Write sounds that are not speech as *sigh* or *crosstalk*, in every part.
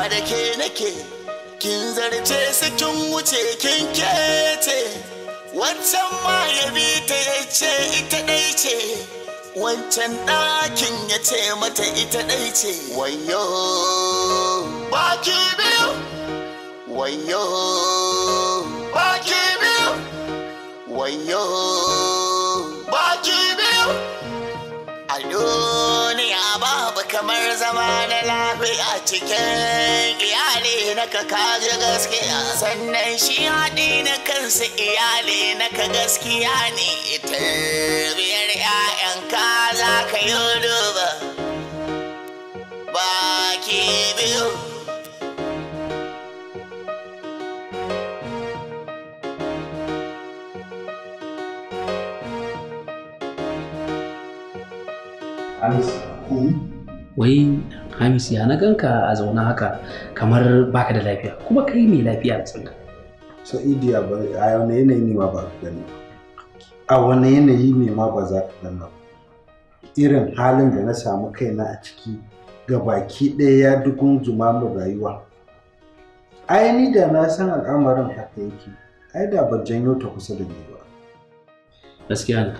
ba da ke nake kin zarce su kin wuce kin kete wancan ma ya bi ta ya ce ita ɗai ce wancan ɗakin ya ce mata ita ɗai ce wayo baki biyu wayo baki biyu wayo kamar zama na lafiya cikin iyali na ka kaji gaskiya sannan shi haɗi na kansu iyali na ka gaskiya ne ita biyar 'ya'yanka za ka yi duba baki biyu Alice. wai hamis ya na ganka a zaune haka kamar baka da lafiya kuma kai mai lafiya a tsanga so idiya ba a wani yanayi ne ma ba ka gani a wani yanayi ne ma ba za ka gani irin halin da na samu kaina a ciki ga baki ɗaya ya dukun zuma mu rayuwa ai ni da na san al'amarin haka yake ai da ban janyo ta kusa da ni ba gaskiya ne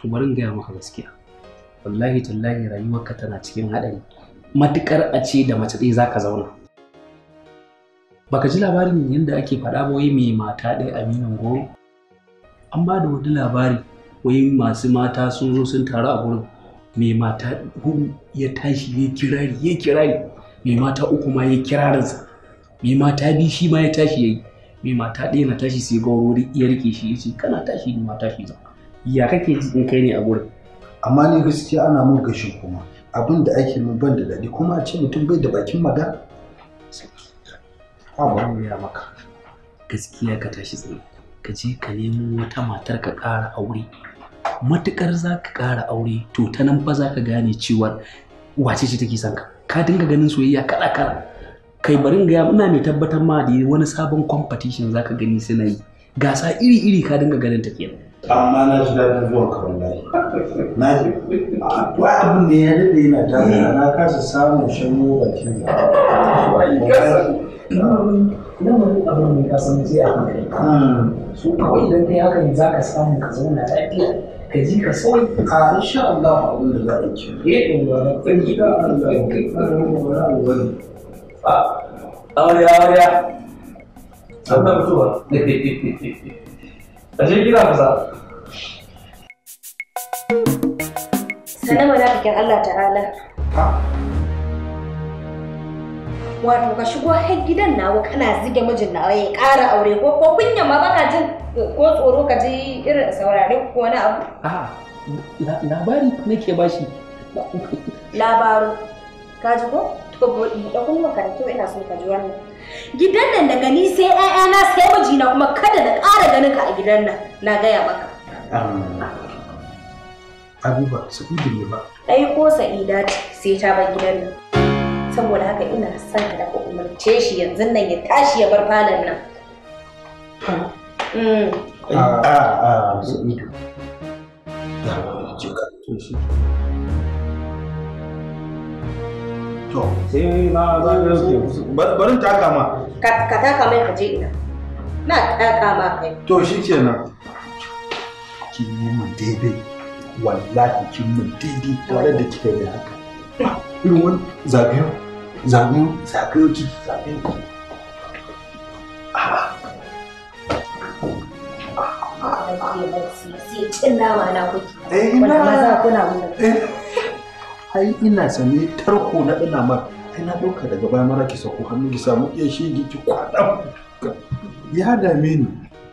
to bari in gaya maka gaskiya wallahi tallahi rayuwarka tana cikin haɗari matukar a ce da mace ɗaya zaka zauna baka ji labarin yadda ake faɗa wai mai mata ɗaya aminan goro an ba da wani labari wai masu mata sun zo sun taru a gurin mai mata hudu ya tashi ya kirari ya kirari mai mata uku ma ya kirarinsa mai mata biyu shi ma ya tashi ya yi mai mata ɗaya na tashi sai gauro ya rike shi ya ce kana tashi ni ma tashi za ya kake ji in kai ne a gurin amma ni gaskiya ana mun gashin kuma abin da ake mun ban da daɗi kuma a ce mutum bai da bakin magana ba mu ya maka gaskiya ka tashi tsaye ka je ka nemo wata matar ka ƙara aure matukar za ka ƙara aure to ta nan fa za ka gane cewa wace ce take son ka ka dinga ganin soyayya kala kala kai barin ga ina mai tabbatar ma da wani sabon competition za ka gani suna yi gasa iri iri ka dinga ganin ta kenan amma na ji daɗin zuwan ka wallahi na ji Wa abin da ya daɗe yana damuwa na kasa samun shanyo bakin da mai kasan zai a hankali hmm. su kawai idan za ka samu ka zauna lafiya ka ji ka sauyi a insha Allah da za a ci ɗora ɗan gida kai tsarin wani ah, a *laughs* a je gida kusa sanar munafikin Allah ta'ala wato ka shigo har gidan nawa kana zige mijin nawa ya ƙara aure ko ko kunya ma baka jin ko tsoro ka ji irin saurare ko wani abu A'a, labari nake bashi labaru ka ji ko to da kuma makarantu ina son ka ji wannan gidan nan daga ni sai ƴaƴana sai mijina kuma kada da ƙara ganin ka a gidan nan na gaya maka Abuba, Sa'idu ne ba. Ai ko Sa'ida ce sai ta bar gidan nan. Saboda haka ina son ka dafa umarce shi yanzu nan ya tashi ya bar falon nan. A a Sa'idu. Da, jika. To, sai na zagayo ke barin taka ma. Ka taka mai ka je ina. Na taka ma kai. To shi kenan. Kin yi mun daidai. Wallahi kin mun daidai tare da kika yi haka. Irin wani zagayo. Zagayo, zagayo ki, zagayo ki. Sai ah. cin nama na kuke. Eh, na. Maza kuna gudu. ai ina sane tarko na dana mar ai na ɗauka daga baya mara ki sako hannu ki samu iya shi ki kwaɗa ya dame ni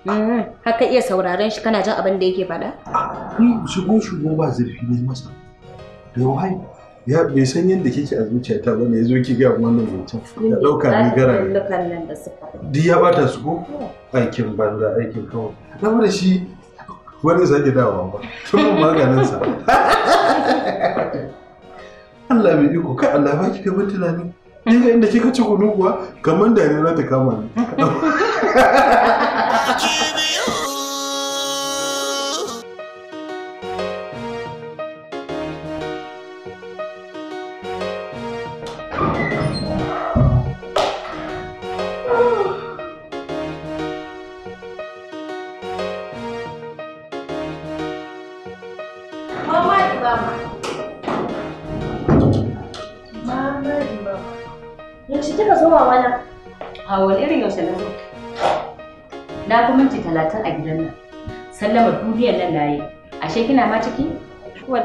mm-hmm. haka iya sauraron shi kana jin abin da yake faɗa? Ni shigo shigo ba zurfi ne masa. Da wai ya bai san yadda kike a zuciyata ba ne yazo ki ga wannan zancen. Da dauka ni gara ne. Di ya bata su ko? Mm. Aikin banza aikin kawai. Na da shi wani zai dawowa ba. Tun maganin sa. *laughs* Allah mai iko kai Allah ba ki mun tunani ga inda kika ci kunu kuwa kamar da za ta kama ni *laughs*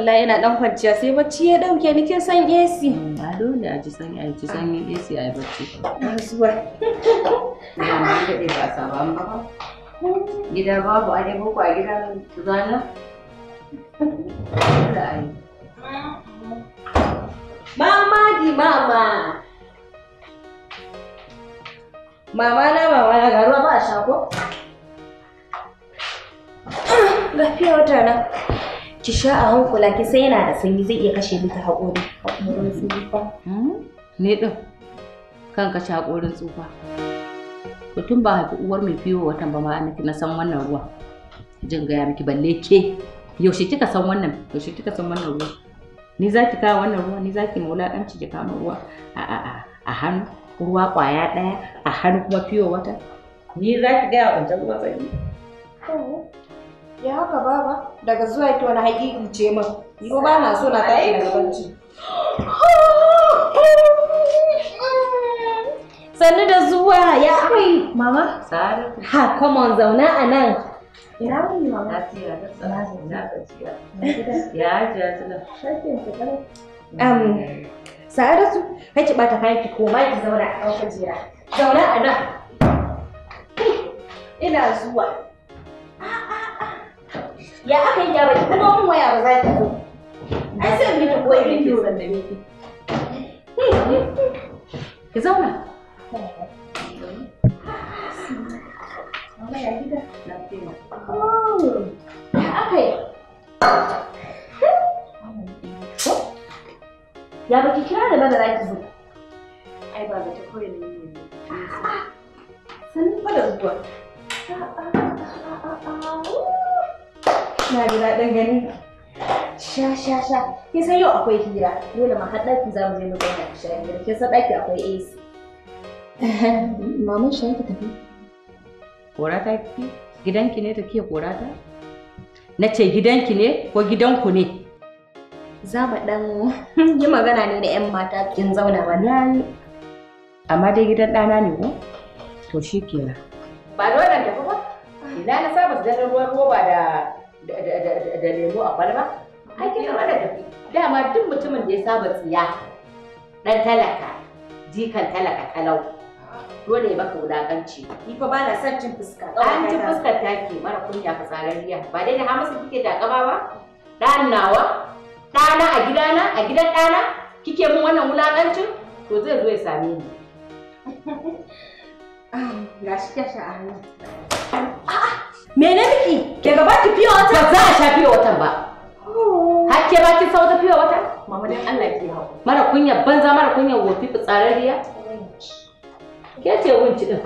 Allah yana dan kwanciya sai bacci ya dauke ni kin san AC a dole a ji san a ji san AC a yi bacci kasuwa ina ma dai ba sa ba gida babu a dai boko a gida zana da ai mama di mama mama na mama na ga ruwa ba a ko? lafiya wata na ki sha a hankula ki sai yana da sanyi zai iya kashe miki haƙorin tsufa. Hmm? Ne ɗin kanka ci haƙorin tsufa. Mutum ba haifi uwar mai fiyo watan ba ma na san wannan ruwa. Jin gaya miki balle ke yaushe kika san wannan yaushe kika san wannan ruwa. Ni za ki kawo wannan ruwa ni za ki maula ɗanci ki kawo ruwa a a a hannu ruwa ƙwaya ɗaya a hannu kuma fiyo wata. Ni za ki gaya wa ruwa bai. Ya haka baba, daga zuwa ki wani haƙiƙi ce min. Ni ba na so na tashi daga gabanci. Sannu da zuwa ya akwai mama? Ha, come on zauna a nan. Ina wani mama? Ya ajiya Shakin Um, kai ki bata kayan ki koma ki zauna a kan kujera. Zauna a nan. Ina zuwa. Ya aka yi da baki kuma mun waya ba za ta zo. Ai sai mu ta koyi din dole da ni. Ki zauna. Mama ya gida lafiya. Ya aka yi. Ya baki kira da ba da zo. Ai ba ba ta koyi ne. Sun fara zuwa. Na ji daɗin ganin ka. Sha sha sha. Kin san yau akwai hira. Dole ma har ɗaki za mu je mu zauna ki sha hira. Kin san ɗaki akwai AC. *laughs* Maman shi ta tafi. Korata ki? Gidanki ne ta ke kora ta? Na ce gidanki ne ko gidanku ne? Za mu ɗan *laughs* yi magana ne da 'yan mata kin zauna ba na yi Amma dai gidan ɗana ne ko? To shi kenan. Ba dole tafi ba. Ina na saba su ganin ruwan roba da da lemo a kwalba ai kin gaba da tafi dama duk mutumin da ya saba tsiya dan talaka jikan talaka kalau dole ya baka wulakanci ni fa ba na son cin fuska an ci fuskar take mara kunya zarariya ba dai da hamisu kike da gaba ba dan nawa ɗana a gidana a gidan ɗana kike mun wannan wulakancin to zai zo ya same ni *laughs* ah, ga shi ta sha'ani Mene miki? ke gaba ki fiye wata? Ba za a sha fiye watan ba. Oh. Hakke ba ki sa wata fiye wata? Mama dan Allah ki hau. Mara kunya banza mara kunya wofi fitsararriya? Mm. Ke ce wunci din.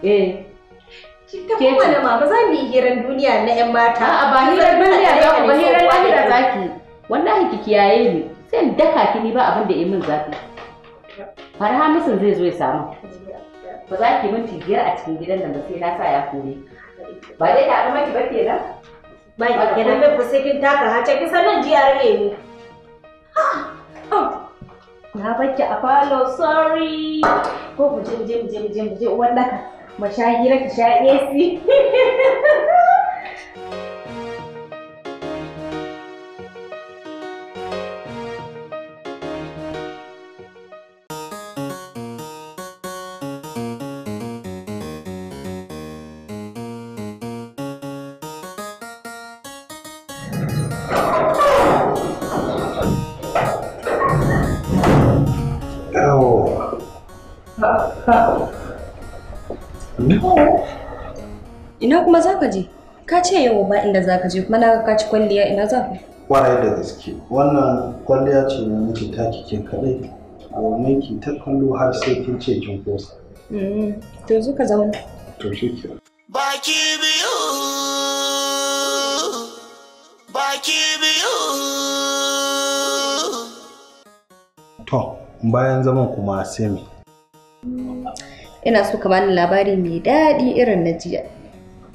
Eh. Ke ta kuma mama za mu yi hirar duniya na ƴan mata. A'a ba hirar duniya ba ku ba hirar lahira za ki. Wallahi ki kiyaye ni. Sai in daka ki ni ba abin da ya min zafi. Farha musun zai zo ya samu. Ba za ki minti biyar a cikin gidan da ba sai na sa ya kore. ba dai da maki ba kenan ba kenan mai kusa kin taka hace kin san nan jiya rage na bakki a falo sorry ko ku jim jim jim jim jim wallaka mashahira ki sha AC *laughs* ce yau ba inda za ka je kuma na ka ci kwalliya ina za ka kwarai da gaske wannan kwalliya ce na nake taki ke kadai a wannan ki ta kallo har sai kin ce kin kosa mm-hmm. to zuka zama to shi ke baki biyu baki biyu to bayan zaman kuma sai me ina so ka bani labari mai daɗi irin na jiya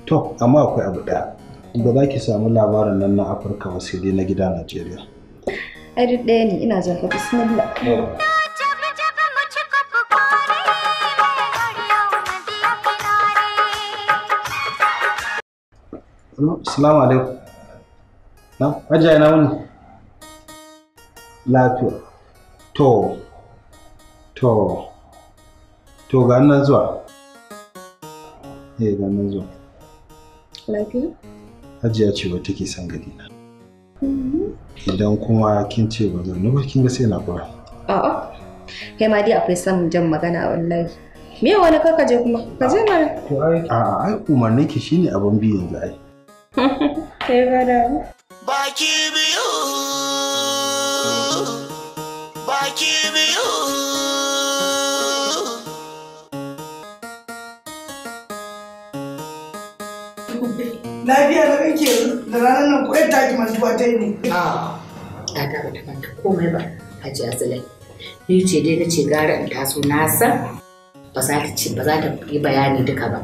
to amma akwai abu daya ba za ki samu labarin nan na afirka ba sai dai na gida najeriya ai duk ɗaya ne ina zafi bismillah Assalamu alaikum. Na, ajiya na wani? Lafiya. To, to, to ga nan zuwa. Eh, ga nan zuwa. Lafiya? Hajiya ce wata ke son gari na. Mm-hmm. Idan kuma kin ce ba zan ba kin ga sai na fara. A'a. Kai ma dai akwai son jan magana wallahi. Me wani kaka je kuma? Ka je mana. To ai a'a ai ne ki shine abin bi yanzu ai. *laughs* Kai ba da. Baki biyu. Baki biyu. lafiya na kake da ranar nan ko ta ki mantuwa ta yi ne ah. a ta ta ba ta komai ba haji azalai ni ce dai na ce gara in taso na san ba za ta ce ba za ta yi bayani duka ba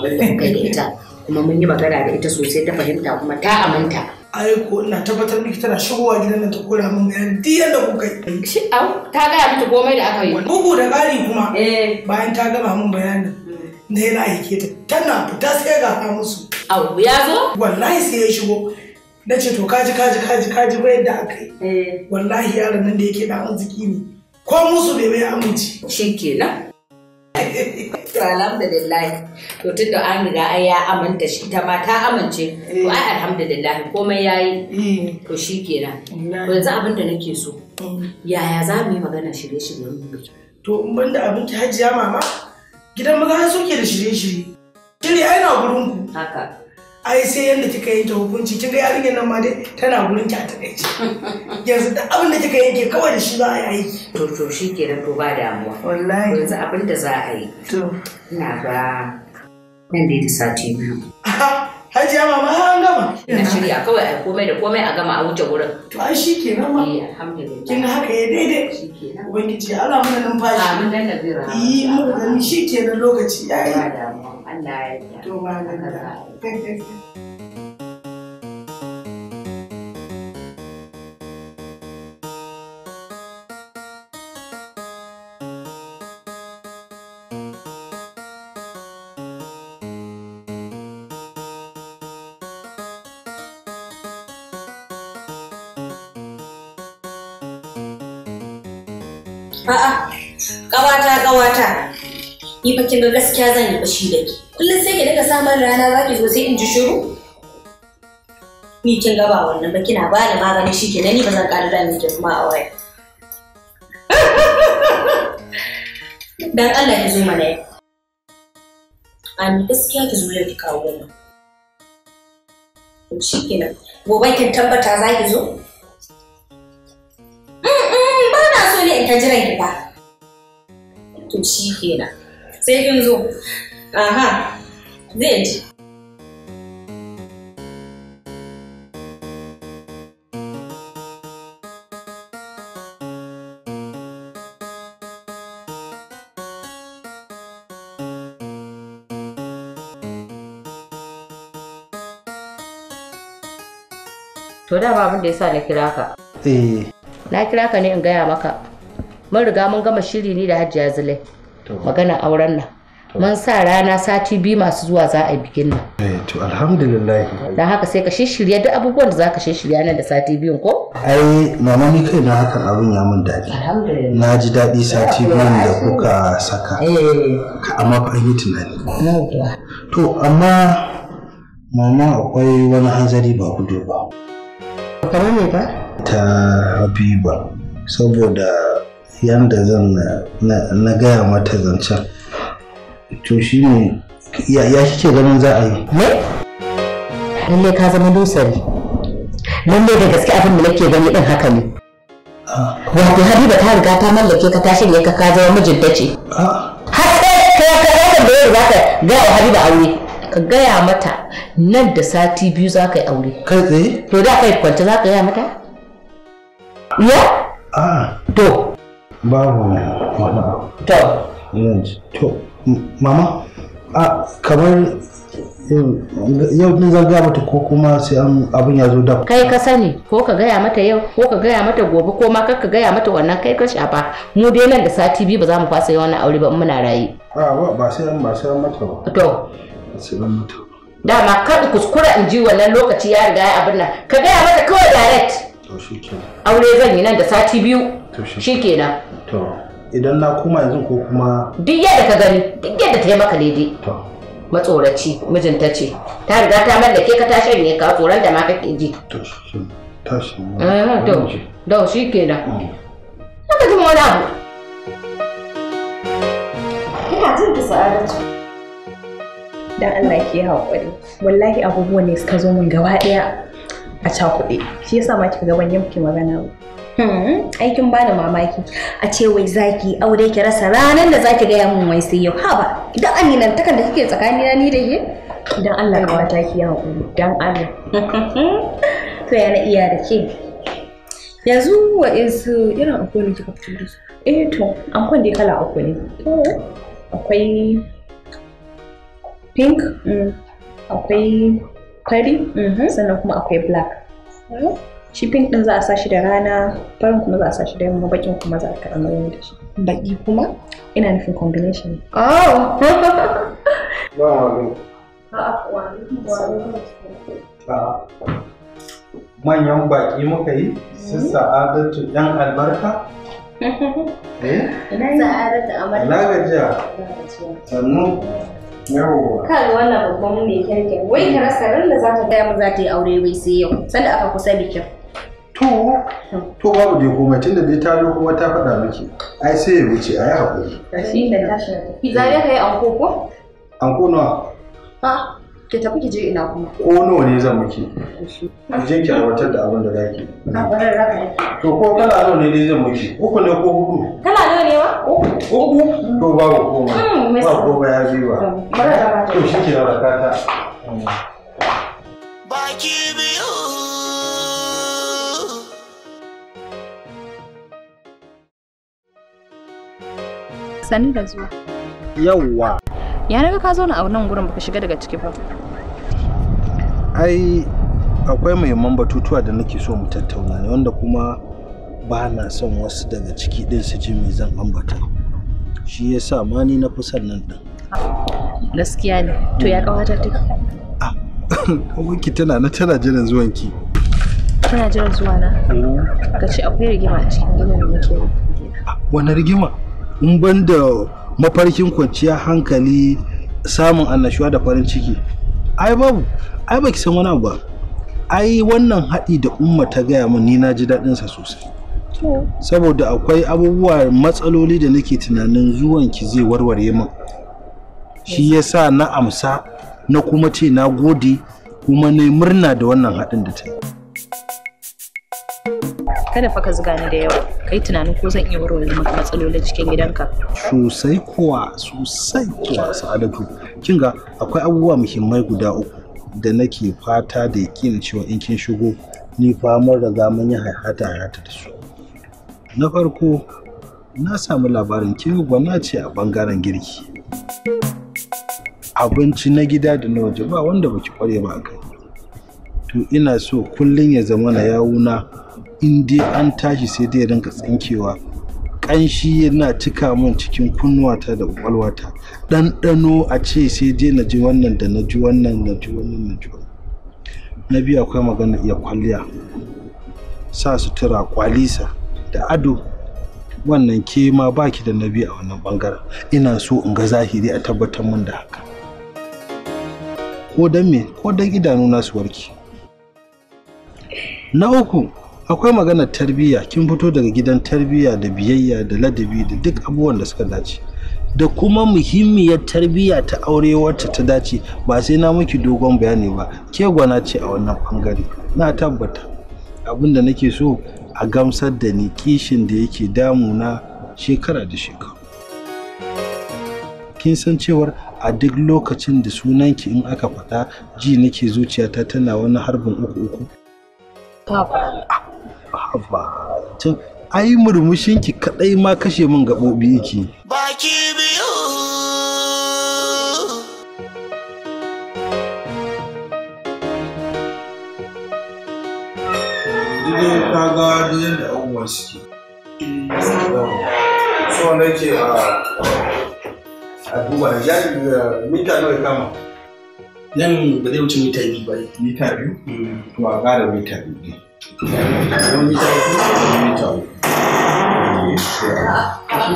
abin da kai da ita kuma mun yi magana da ita sosai ta fahimta kuma ta aminta ai ko ina tabbatar miki tana shigowa gidan nan ta kora min bayani duk yadda kuka yi shi ta gaya miki komai da aka yi bugu da ƙari kuma eh. bayan ta gama min bayanin na yana aike ta tana fita sai ga ka musu abu ya zo wallahi sai ya shigo na ce to kaji kaji kaji kaji ba yadda aka yi eh. wallahi yaron nan da yake da arziki ne ko musu bai mai aminci shikenan to alhamdulillah to tun da an riga ai ya amanta shi ta ma ta amince to ai eh. alhamdulillah komai yayi eh. to shikenan yanzu abin da nake so mm. yaya za mu yi magana shirye-shiryen mu. to in ban abin ki hajiya mama gidan maza har suke da shirye-shirye shirye ai na gurin ku haka ai sai yanda kika yanke hukunci kin ga yarinyar nan ma dai tana gurin ki a takaice yanzu da abin da kika yanke kawai da shi za a yi aiki to to shi ke to ba damuwa wallahi yanzu abin da za a yi to ina ba nan da ta sati biyu hajiya mama an gama ina shirya kawai a komai da komai a gama a wuce wurin to ai shikenan ma eh, kin ga haka ya daidai ubangiji Allah mana nan fashi. amin da nazira yi mu gani shikenan lokaci yayi Allah ya eh, yi. to ma *laughs* A'a, ƙawata ƙawata. Ni fa kin ga gaskiya zan yi bashi da ki. Kullum sai ki daga samun rana za ki zo sai in ji shiru. Ni kin gaba ba wannan ba kina ba ni magani shi ke ni ba zan ƙara da miki kuma a waya. *laughs* Dan Allah ki zo mana yau. Ani gaskiya ki zo yau ki kawo mu. To shi kenan. Gobe kin tabbata za ki zo? ta jiran ki ba to shi ke kenan sai kin zo aha zai ji To da ba abin da yasa na kira ka. Eh. Na kira ka ne in gaya maka mun riga mun gama shiri ni da hajjiya zulai magana auren nan mun sa rana sati biyu masu zuwa za a bikin nan eh, to alhamdulillah dan haka sai ka shirya duk abubuwan da za ka shirya nan da sati biyun ko ai mama ni kai na hakan abin ya mun daɗi na ji daɗi sati biyun da kuka saka eh. amma ba an yi tunani to amma mama akwai wani hanzari ba gudu ba kamar ne ba ta habiba saboda yadda zan na gaya mata zancen to shi ne ya kike ganin za a yi ne lallai ka zama dusari ne da gaske abin da nake gani din haka ne ah. wato habiba ta riga ta mallake ka ta shirya ka ka zama mijinta ce ah. har sai ka ka da yau za ka gaya wa habiba aure ka gaya mata nan da sati biyu za ka yi aure kai tsaye to da kai kwanta za ka gaya mata ya ah. to babu wani abu to yanzu to mama a kamar yau din zan gaya mata ko kuma sai an abin ya zo da kai ka sani ko ka gaya mata yau ko ka gaya mata gobe ko ma ka gaya mata wannan kai ka shafa mu dai nan da sati biyu ba za mu fasa yi wannan aure ba muna raye a ba ba sai an ba sai an mata ba to sai an mata dama kar kuskura in ji wannan lokaci ya riga ya abin nan ka gaya mata kawai direct to shikenan aure zan yi nan da sati biyu shikenan to idan na koma yanzu ko kuma duk yadda ka gani duk yadda ta yi maka daidai to matsoraci mijinta ce ta riga ta mallake ka tashi ne ka tsoron da ma kake ji to tashi tashi ah, to da shi ke Na haka ji wani abu ina jin ki sa'adatu dan Allah ki haƙuri wallahi abubuwan ne suka zo min gaba ɗaya a cakuɗe shi yasa ma kika ga ban yi magana ba Hmm, aikin bani mamaki a ce wai zaki aure ki rasa ranar da zaki gaya mun wai sai yau haba idan aminan takan da kike tsakani na ni da ke idan Allah ya wata ki ya hakuri dan Allah *laughs* to ya na iya da ke yanzu wa isu irin akwai ne kika fito da su eh to an kwan dai kala akwai ne akwai pink mm. akwai fari mm-hmm. sannan kuma akwai black mm-hmm. shi pink din za a sa shi da rana farin kuma za a sa shi da yamma bakin kuma za a kaɗa mai da shi baki kuma ina nufin combination oh *laughs* manyan baki muka yi su mm-hmm. sa'adatu yan albarka *laughs* eh? sa'adatu amarka lagajiya sannu wannan babban mai wai ka da za ta gaya mu za ta yi aure wai sai yau sanda aka kusa bikin to to babu dai komai tunda dai ta zo kuma ta faɗa miki ai sai ya wuce ai hakuri shi da tashi na tafi ya kai anko ko anko nawa Ha? ki tafi ki je ina kuma ko nawa ne zan miki ki je ki aiwatar da abin da zaki a barar raka to ko kala nawa ne dai zan miki uku ne ko hudu kala nawa ne wa uku to babu komai hmm, ba ba ya biwa hmm, bara da to shi ke raka ta sani da zuwa yawwa ya naga ka zauna a nan gurin baka shiga daga ciki ba ai akwai muhimman batutuwa da nake so mu tattauna ne wanda kuma ba na son wasu daga ciki din su ji me zan ambata shi yasa ma ni na fi son nan din gaskiya ne to ya kawata take ah *laughs* wanki tana na tana jiran zuwanki tana jiran zuwa na mm. ka ce akwai rigima a cikin gidan da nake ah, wani rigima in ban da mafarkin kwanciya hankali samun annashuwa da farin ciki ai babu ai baki san wani abu ba ai wannan haɗi da umma ta gaya min ni na ji sa sosai saboda akwai abubuwa matsaloli da nake tunanin zuwan ki zai warware min shi yasa na amsa na kuma ce na gode kuma na murna da wannan haɗin da ta yi kada fa ka zuga ni da yawa kai tunanin ko zan iya warware maka matsalolin cikin gidanka sosai kuwa sosai kuwa sa'adatu kin ga akwai abubuwa muhimmai guda uku da nake fata da yakin cewa in kin shigo ni fa mun riga mun yi haihata haihata da su na farko na samu labarin kin gwana ce a bangaren girki abinci na gida da na waje ba wanda baki kware ba a kai to ina so kullum ya zama na yawuna in dai an tashi sai dai rinka tsinkewa ƙanshi yana cika min cikin kunnuwata da ƙwaƙwalwata ɗanɗano a ce sai dai na ji wannan da na ji wannan na ji wannan na ji na biyu akwai magana iya kwalliya sa sutura kwalisa da ado wannan ke ma baki da nabi a wannan bangaren ina so in ga zahiri a tabbatar mun da haka ko don me ko don idanu na su warke na uku akwai maganar tarbiyya kin fito daga gidan tarbiyya da biyayya da ladabi da duk abubuwan da suka dace da kuma muhimmiyar tarbiyya ta aure wacce ta dace ba sai na miki dogon bayani ba ke gwana ce a wannan bangare na tabbata abin da nake so a gamsar da ni kishin da yake damuna shekara da shekara kin san cewar a duk lokacin da sunanki in aka faɗa ji nake zuciyata tana wani harbin uku uku Haba, can ai murmushinki kaɗai ma kashe min gaɓoɓi yake. Baki biyu. Idan ka ga da abubuwan suke. So nake ah, a duba da jami'a eh, mita nawa kama. nan ba zai wuce mita biyu ba mita biyu hmm. to a ƙara mita biyu ne mita biyu mita biyu eh, shi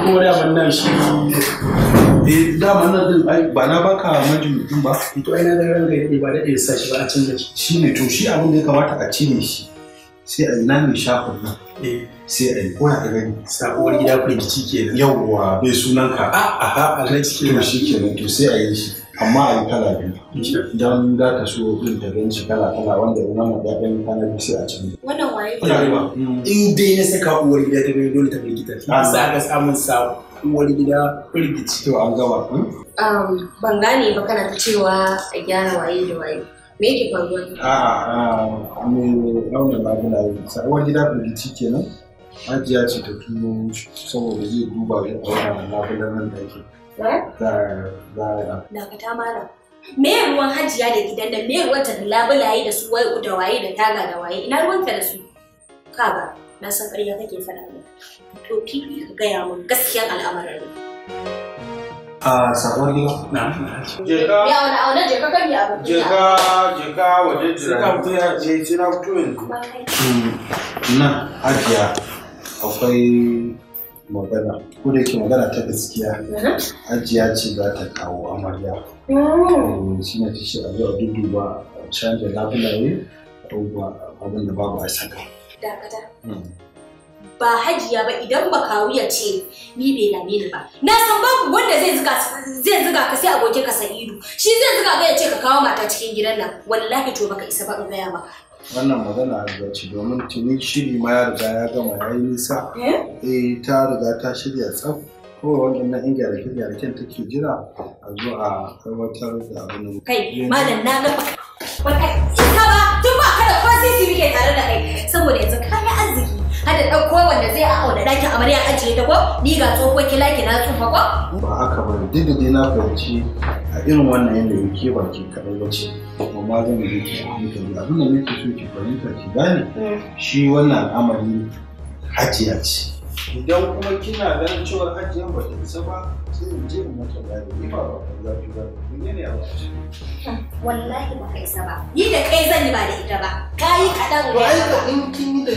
kuma da nan shi eh da nan din ai ba na baka majimutin ba to ai na ga yadda ba daɗe sa shi ba a canza shi shi ne to shi abin da ya kamata a cire shi sai a nan ne shafin nan eh. sai a yi koya da gani sabuwar gida firgici kenan yawwa mai sunanka a a a alhaji kenan to shi kenan to sai a yi shi amma a yi kala biyu don za ta so ɗin ta gan ganci kala kala wanda wannan ya ɗan kana biyu sai a cikin wannan waye mm. in dai na saka uwar gida ta gani dole ta firgita ta ah. sa ka samun sa uwar gida firgici to an gama. Hmm? Um, ban gane ba kana ta cewa a gyara waye da waye me yake faruwa a ah, a ah, me launin labulaye uwar gida firgici kenan Hajiya ce ta tuno saboda zai duba ya ɗaura labulan nan da ake Dakata Me ruwan hajiya da gidan nan me ruwan ta labulaye da su wai da waye da taga da waye ina ruwan ruwanka da su? Ka Kaga na san ƙarya kake faɗa min. To fili ka gaya min gaskiyan al'amarin. A sakon gida? Na. Jeka. Ya wani auna jeka kan yi abin. Jeka jeka waje jira. Sai ka fito ya je sai na fito yanzu. Hmm, na hajiya akwai magana ko da yake magana ta gaskiya mm-hmm. ajiya ce za ta kawo amarya mm-hmm. eh, shi ne ta shi a zuwa duduba a canza labulaye a abin da babu a saka hmm. ba hajiya ba idan ba ya ce ni bai dame ni ba na san babu wanda zai zuga zai zuga ka sai aboke ka ido shi zai zuga ga ya ce ka kawo mata cikin gidan nan wallahi to baka isa ba in gaya maka wannan magana da ci domin tuni shiri ma ya riga ya gama ya yi nisa eh, eh ta riga ta shirya tsaf inga da yan da gyaraken take jira a zo a aiwatar da abin kai malam na ga kai isa ba tun ba ka da kwasi muke tare da kai saboda yanzu kayan arziki har da ɗauko wanda zai a auna ɗakin amarya ajiye ta ko ni ga tsohuwar kila ki na tsufa ko. ba haka ba duk da dai na fahimci a irin wannan yanayi ke ba ke kaɗai ba ce amma zan yi ki a hankali abin da nake so ki fahimta ki gane mm. shi wannan al'amari hajiya ce. idan kuma kina ganin cewa hajiyan ba ta isa ba sai in je in mata gani ni ba ba kan zafi ba ni ne a wace wallahi ba ka isa ba ni da kai zan yi ba da ita ba kayi kadan ba ka in kin yi da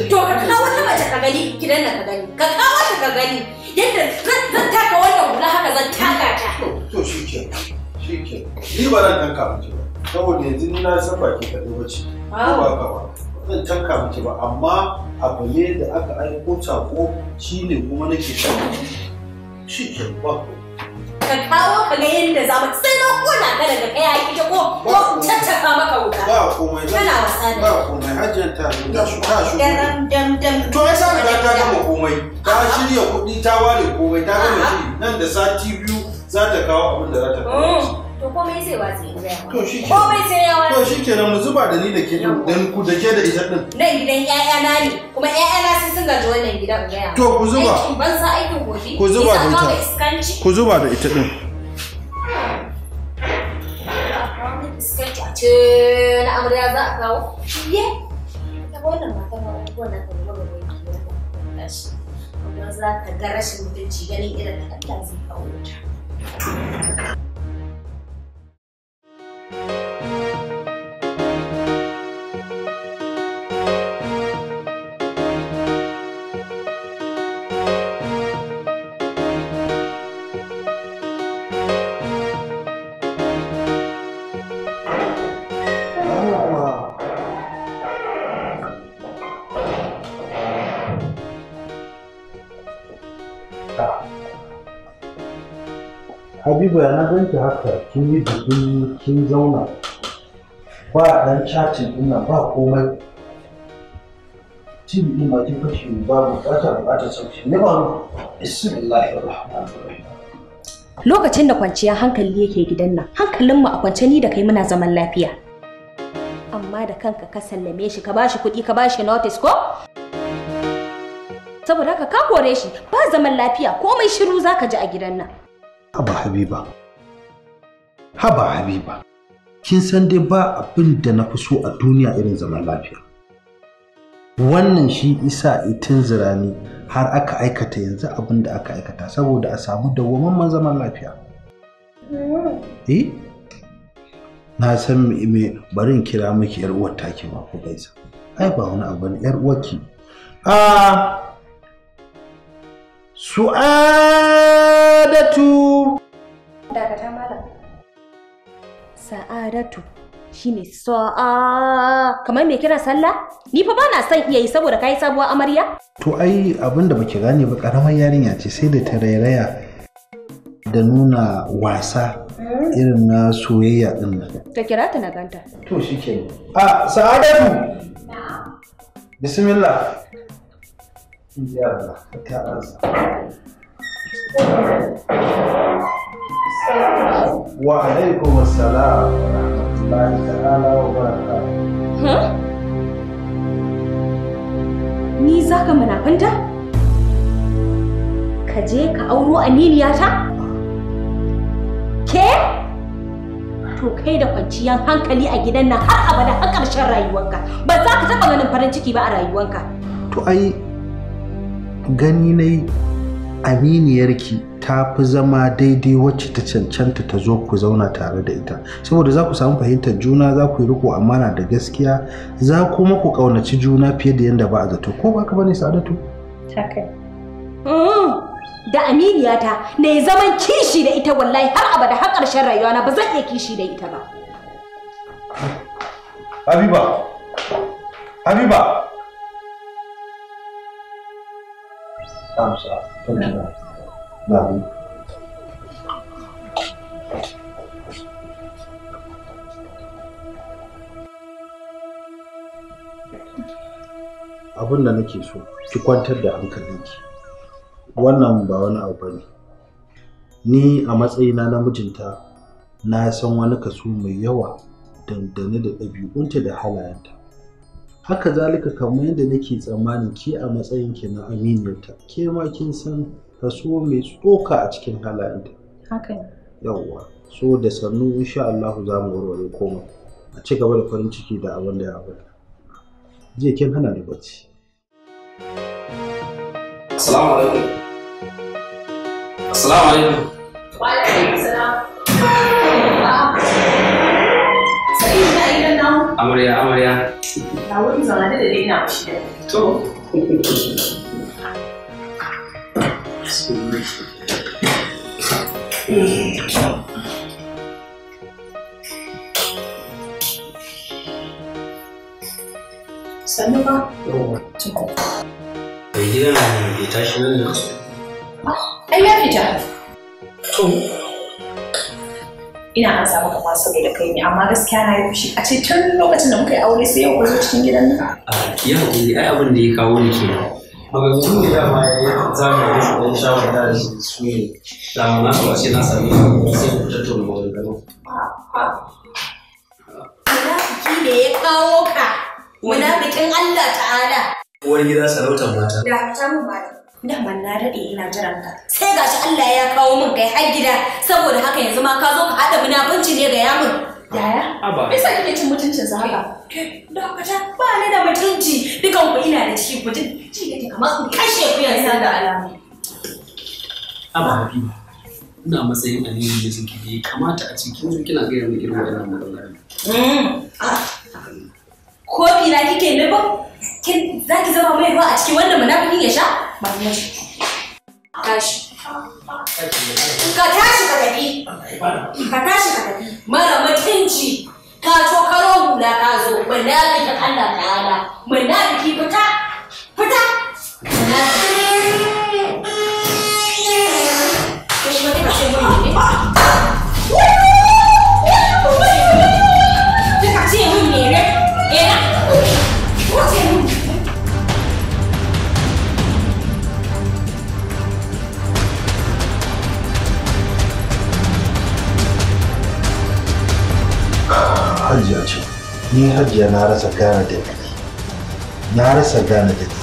gidan nan ka gani ka kawo ta ka gani yadda zan taka wannan hula haka zan taka ta to shi ke shi ke ni ba zan tanka miki ba saboda yanzu ni na san baki ka dubo ci ba ka ba zan tanka miki ba amma abu ne da aka aiko sako shine kuma nake shan shi ke ba ka kawo ka ga yadda za mu sai na kona ka daga kai ai kike ko ko caccaka maka wuta ba komai kana wasa ba komai hajjan ta da su ka shi dam dam dam to ai sai ta gama komai ta shirya kuɗi ta ware komai ta gama shi nan da sati biyu za ta kawo abin da za ta kawo mm. To komai zai watsi in gaya To shi Komai sai ya watsi. To shi kenan mu zuba da ni da ke dan ku da ke da ita din. Nan gidan ƴaƴana ne kuma ƴaƴana sun sun gaji wannan gidan in gaya To ku zuba. Aikin banza aikin gobe. Ku zuba da ita. Ku zuba da ita din. Ce na amarya za a kawo? Ye. Ta wannan mata ba wannan ta zama gaba ki da shi. Kuma za ta ga rashin mutunci ganin irin da Allah zai kawo ta. you. habibu ya na ganki haka kin yi bikin kin zauna ba dan chatin ina ba komai tv din ba kin fashe ba bukata bukata sauki ne ba bismillahir rahim lokacin da kwanciya hankali yake gidan nan hankalin mu a kwance ni da kai muna zaman lafiya amma da kanka ka sallame shi ka bashi kuɗi ka bashi notice ko saboda haka ka kore shi ba zaman lafiya komai shiru zaka ji a gidan nan haba habiba haba habiba kin san dai ba abin da na fi so a duniya irin zaman lafiya wannan shi isa itin zirani har aka aikata yanzu abin da aka aikata saboda a samu dawwamamman zaman lafiya eh na san me bari in kira miki yar uwar take ma ko gaisa ai ba wani abu ne yar uwarki a ah! su'a Sa'adatu. Dakata malam. Sa'adatu shine sa'a kamar me kira sallah? Ni fa bana son iya yi saboda kai sabuwar amarya. To ai abin da baki gane ba karamar yarinya ce sai da ta rairaya da nuna wasa irin na soyayya din nan. Ta kira ta na ganta. To shike. A Sa'adatu. Bismillah. Ya Allah, ta wa alaikum assalam wa rahmatullahi wa barakatuh ni zaka munafanta ka je ka auro aniliyata ke to kai da kwanciyar hankali a gidan nan har abada har ƙarshen rayuwanka ba za ka taɓa ganin farin ciki ba a rayuwanka to ai gani na yi aminiyarki ta fi zama daidai wacce ta cancanta ta zo ku zauna tare da ita saboda za ku samu fahimtar juna za ku yi riko amana da gaskiya za kuma ku ƙaunaci juna fiye da yadda ba a zato ko ba ka bane sadatu mm-hmm. da aminiyata ne zaman kishi da ita wallahi har abada har ƙarshen rayuwa na ba zan iya kishi da ita ba habiba habiba Abin da nake so, ki kwantar da hankalinki. Wannan ba wani abu ne. Ni a matsayina na mijinta na san wani kaso mai yawa dangane da ɗabi'unta da halayenta. haka zalika kamar yadda nake tsammanin ke a matsayin ki na aminiyarta ke ma kin san kaso mai tsoka a cikin halayenta haka yawwa so da sannu insha Allah za mu warware koma a ci gaba da farin ciki da abin da ya faru je kin hana da bacci assalamu alaikum assalamu alaikum wa alaikum assalam amarya amarya a wani zama da dai ina shi to sannu ba mai gidan bai tashi nan da ah, fita ina an samu kama saboda kai ne amma gaskiya na yi fushi a ce tun lokacin da muka yi aure sai yau ka zo cikin gidan nan. ya hakuri ai abin da ya kawo ni ke maganganu ne ma ya yi zamu yi su ɗan shawar da su ne dama na so a ce na sami sai ku tattauna maganganu. Munafiki ne ya kawo ka munafikin Allah ta'ala. Uwar gida sarautar mata. Da ta mu ba dama na daɗe ina jiran ka sai gashi Allah ya kawo min kai har gida saboda haka yanzu ma ka zo ka haɗa munafunci ne ga yamin yaya aba bisa kike cin mutuncin sa haka da ka ta ba ni da mutunci dukan ku ina da ciki ku ji ci kake kamar ku kashe ku yanzu da alamu aba habiba ina matsayin aliyu da suke yi kamata a cikin su kina ga yamin irin wannan ko bi na kike ba za ki zama mai ruwa a cikin wannan munafikin ya sha ka tashi mara mutunci ka to karo hula ka zo Allah ta'ala mana biki fita hajiya ce ni hajiya na rasa gane da ni na rasa gane da ni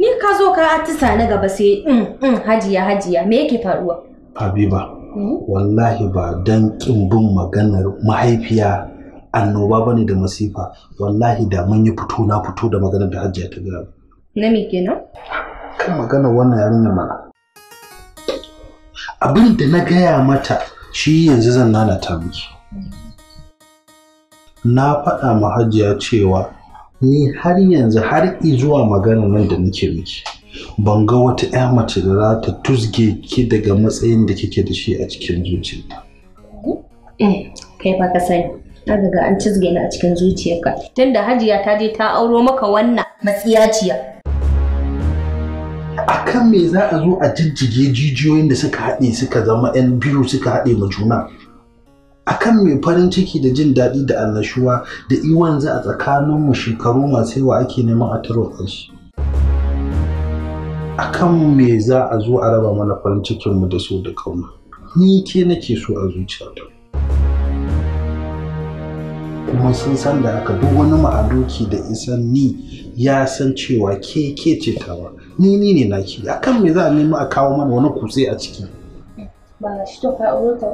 ni ka zo ka atisa na gaba sai in mm, in mm, hajiya hajiya me yake faruwa habiba hmm? wallahi ba dan kin bin maganar mahaifiya annoba bane da masifa wallahi da mun yi fito na fito da maganar da hajiya ta gaba na me kenan kan maganar wannan yarinya mana abin da na gaya mata shi yanzu zan nanata miki na faɗa ma hajiya cewa ni har yanzu har zuwa magana nan da nake miki ban ga wata 'ya mace da za ta tusge ki daga matsayin da kike da shi a cikin zuciyarta. Eh, kai ba ka sani na daga an tusge ni a cikin zuciyarka tunda hajiya ta je ta auro maka wannan matsiyaciya akan me za a zo a jijjige jijiyoyin da suka haɗe suka zama 'yan biyu suka haɗe ma juna akan me farin ciki da jin daɗi da annashuwa da iwan za a tsakanin mu shekaru masu yawa ake neman a tarwatsa shi akan me za a zo a raba mana farin mu da so da kauna ni ke nake so a zuciyata kuma sun san da haka duk wani ma'aluki da isan ni ya san cewa ke ke ce tawa ni ni ne naki akan me za a nemi a kawo mana wani kutse a ciki ba shi to ka aure ta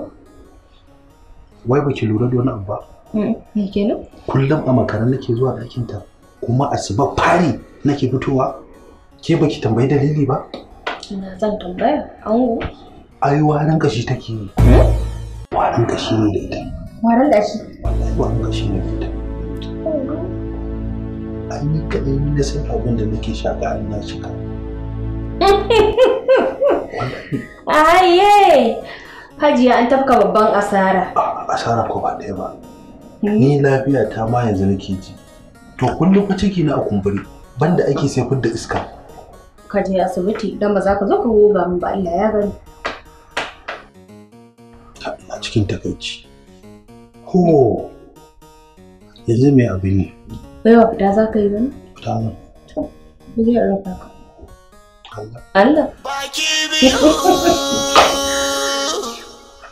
wai baki lura da wani abu ba me kenan kullum a makaran nake zuwa ɗakin ta kuma asuba fari nake fitowa ke baki tambayi dalili ba ina zan tambaya ango ai warin kashi take yi hmm? warin kashi ne da ita Waran da shi. Wannan shi ne fita. An yi kaɗai ni na san abin da nake shaƙa an na shiga. *laughs* Aye! Hajiya an tafka babban asara. Ah, asara ko ba ɗaya ba. Hmm. Ni lafiya ta ma yanzu nake ji. To kullum fa ciki na a kumburi banda ake sai fidda iska. Ka je asibiti dan ba za ka zo ka goga min ba Allah ya gani. Ina cikin takaici. Ho! Yanzu ne? Baiwa fita za ka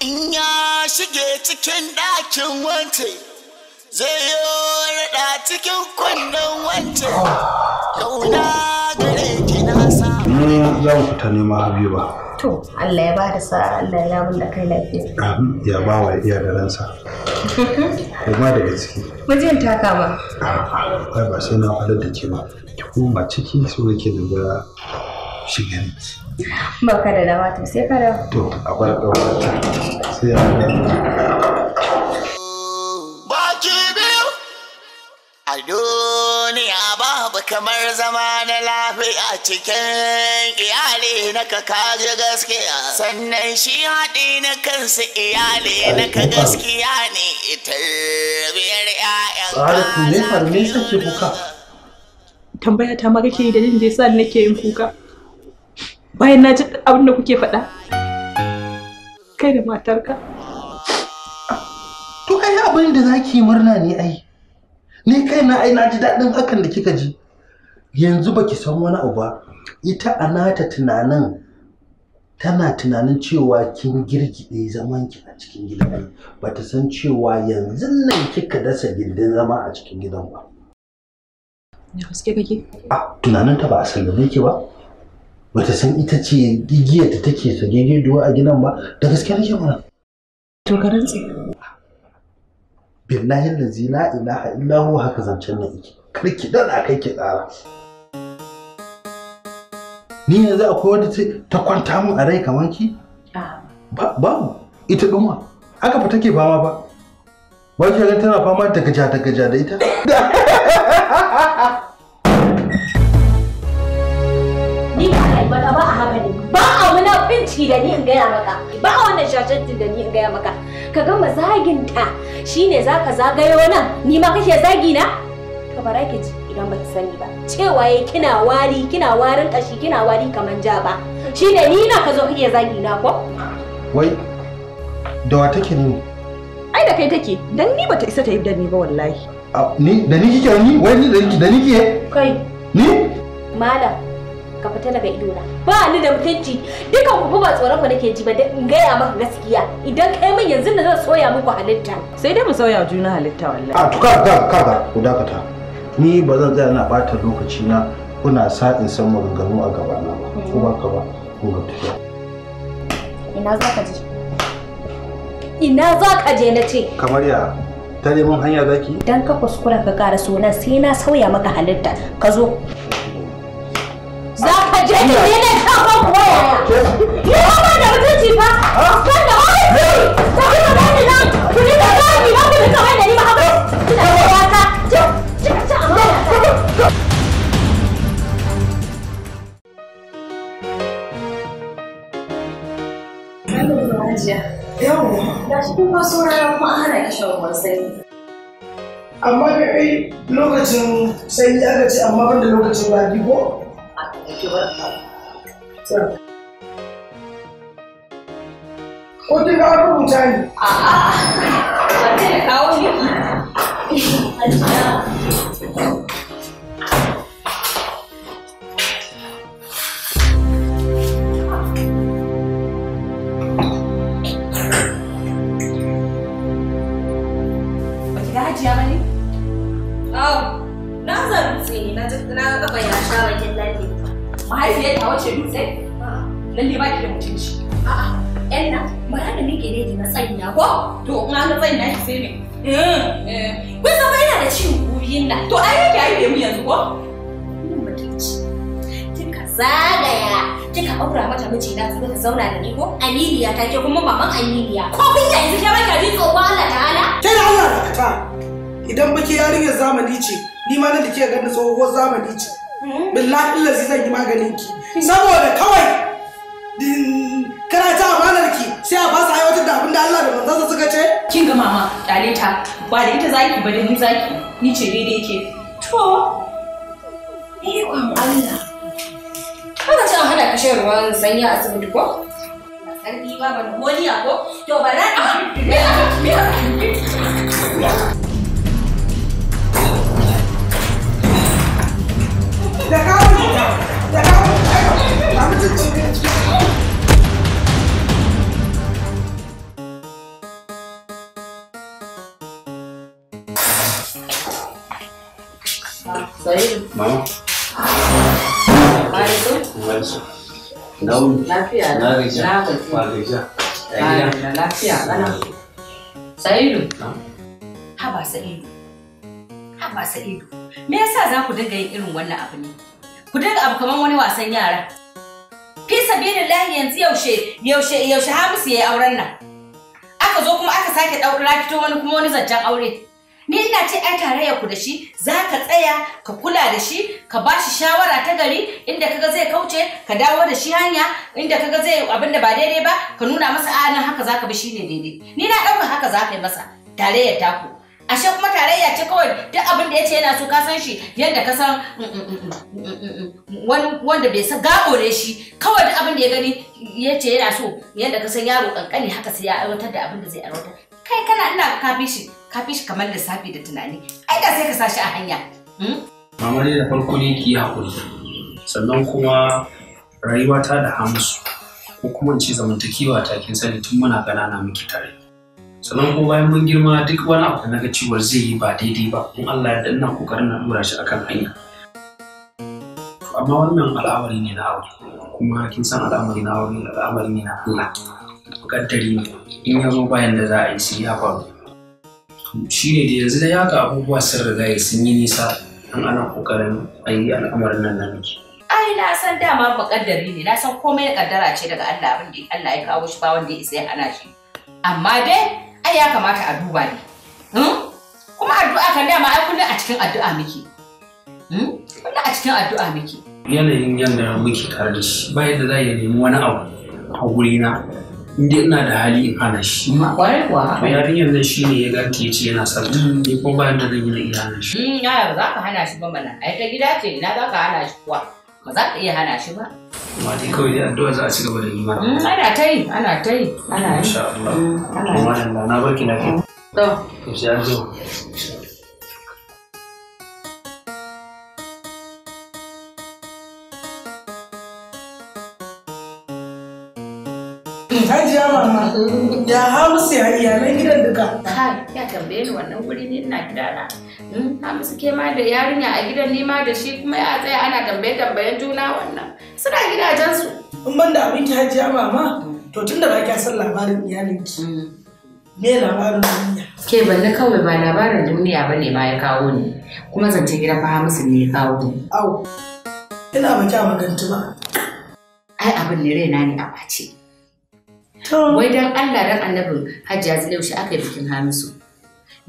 yi ya shige cikin dakin wance zai yi cikin kwandon wance. Oh. Kauna gare ne za mu fita nema Habiba. To, Allah ya ba da sa Allah ya labun da kai lafiya. Amin, ya ba wa iya da ransa. *laughs* ma da gaske. Mijin ta kama. Kai ba sai na faɗa da ke ba. Ki koma ciki su yake daga shigen. Ba ka da dama to sai ka da. To, akwai ƙawarta. Sai ya ki biyu. do. abu kamar zama na lafiya cikin iyali na ka kaji gaskiya sannan shi haɗi na kansu iyali na ka gaskiya ne ita biyar ƴaƴan kuka tambaya ta ma kake da da yasa nake yin kuka bayan na ji abin da kuke faɗa kai da matarka to ai abin da zaki murna ne ai ni kai na ai na ji daɗin hakan da kika ji yanzu baki san wani abu ba ita a nata tunanin tana tunanin cewa kin girgide zaman ki a cikin gidan ba ta san cewa yanzu nan kika dasa gindin zama a cikin gidan ba da gaske kake a tunanin ta ba a san ki ba ba ta san ita ce igiyar ta take gege duwa a gidan ba da gaske nake ba to ka rantse billahi lazina ilaha illahu haka zancen nan yake kar ki dana kai ki tsara ni yanzu akwai wadda ta kwanta mun a rai kamar ki ah. babu ita ɗuma aka fita take fama ba ba ki ga tana fama da gaja da gaja da ita ni ba a ba a haka ne ba a wani binci da ni in gaya maka ba a wannan shashantin da ni in gaya maka ka ga mazaginta za ka zagayo nan ni ma kake zagi na ka bara ki ji idan ta sani ba cewa yayi kina wari kina warin kashi kina wari kaman ja ba shine ni na ka zo kike zagi na ko wai da wa take ni ai da kai take dan ni bata isa ta yi da ni ba wallahi ni da ni kike ni wai ni da ni kike kai ni malam ka fita daga idona ba ni da mutunci dukan ku ba tsoron ku nake ji ba in gaya maka gaskiya idan kai min yanzu na zan soya muku halitta sai dai mu soya juna halitta wallahi a to ka ka ka ku dakata ni ba zan tsaya na bata lokaci na kuna sa in san maganganu a gaba na ba ko ba ka ba kun ga ina za ka je ina za je na ce kamar ya ta neman hanya zaki dan ka kuskura ka ƙara sunan sai na sauya maka halitta ka zo za ka je ne ne ka ba kuwa yaya ni ba ba da mutunci fa ban da wani ta kuma ba ni nan ku ni da ba ni ba ku ni ba da Yawwa. shi kuma sauraron Amma da ai lokacin sanyi aka ce amma ban da lokacin rani ko? Ko ta ga rubuta A'a. Ba ta kawo ni. mahaifiyar ta wace dutse lalle ba ki da mutunci a'a yan nan bara da ke ne na tsayin na ko to in an tsayin na ki sai me eh, eh. kun san ba yana da ciwon gobiyin nan to ai yake aibe mu yanzu ko kika zagaya kika aura mata miji na zuwa ka zauna da ni ko Aminiya ta ke kuma maman Aminiya ko kun yanzu ke baka ji tsoro Allah ta'ala kai da Allah ka ta idan baki yarinyar zamani ce ni ma nan da ke ganin tsohuwar zamani ce billahi lazi zan yi maganin ki saboda kawai kana ta amanar ki sai a fasa aiwatar da abin da Allah da manzansa suka ce kin ga mama kyale ta ba da ita zaki ba da ni zaki ni ce daidai yake to ni ikon Allah kana ce an hada ka shan ruwan sanyi a asibiti ko sarki ba ban holiya ko to ba za ka ah! me me lafiya na gaji na lafiya ana sa'idu haba sa'idu sa'idu me yasa za ku dinga yin irin wannan abu ne ku dinga abu kamar wani wasan yara fi sabilillahi yanzu yaushe yaushe yaushe Hamisu yayi auren nan aka zo kuma aka sake ɗaukar fito wani kuma wani zancen aure ni ina ce ai tarayya ku da shi za ka tsaya ka kula da shi ka ba shi shawara ta gari inda kaga zai kauce ka dawo da shi hanya inda kaga zai abin da ba daidai ba ka nuna masa a nan haka zaka bi shi ne daidai ni na ɗaukar haka za ka yi masa tarayyar taku ashe kuma tarayya ce kawai duk abin da ya yana so ka san shi yadda ka san mm, mm, mm, wani wanda bai san gabo ne shi kawai duk abin da ya gani yace yana so yadda ka san yaro kankani haka sai ya aiwatar da abin da zai aiwatar kai kana ina ka shi ka shi kamar lissafi da tunani ai da sai ka sashi a hanya hmm? mamar da farko ne ki yi hakuri sannan kuma rayuwata da hamsu ko kuma ce zamantakewa ta kin sani tun muna ganana miki tare sannan kuma bayan mun girma duk wani abu da naga cewar zai yi ba daidai ba kuma Allah ya danna kokarin na dora shi akan hanya amma wannan al'amari ne na aure kuma kin san al'amari na aure al'amari ne na Allah kaddari ne in ya zo bayan da za a yi sai ya faru shi ne da yanzu da haka abubuwa sun riga sun yi nisa an ana kokarin a yi al'amarin nan nan ai na san dama muƙaddari ne na san komai da kaddara ce daga Allah abin da Allah ya kawo shi ba wanda ya isa ya hana shi amma dai ai ya kamata a duba ne hmm? kuma addu'a kan dama ai kullum a cikin addu'a muke hmm? kullum a cikin addu'a muke yanayin yanda muke tare da shi bayan da za yi nemi wani abu a wurina. inda ina da hali in hana shi. Kwarai kuwa. To yarinyar nan shi ne ya ganta ya ce yana son ta. Mm. Ni ko bayan da zan yi na iya hana shi. In mm, ya ba za ka hana shi ba mana. Ai ta gida ce ina za ka hana shi kuwa. Ba za ka iya hana shi ba. Amma dai kawai dai addu'a za a ci gaba da yi mana. Mm, ana ta yi ana ta yi ana yi. Insha Allah. Ana yi. Na barki na kai. To. To sai an zo. hajiya mama ya hamsu ya iyalan gidan duka kai ya tambaye ni wannan guri ne ina gidana hmm, hamsu ke ma da yarinya a gidan ni ma da shi kuma ya tsaya ana tambaye tambayen juna wannan suna gidajensu in ban da abin ki hajiya mama to tun da ba kya san labarin iyalinki me labarin duniya ke balle kawai ba labarin duniya bane ma ya kawo ni kuma zance gida fa hamsu ne ya kawo ni au ina ba kya magantu ba ai abin ne raina ne a ɓace Wai dan Allah dan annabin Hajji Zule yaushe aka yi bikin Hamisu.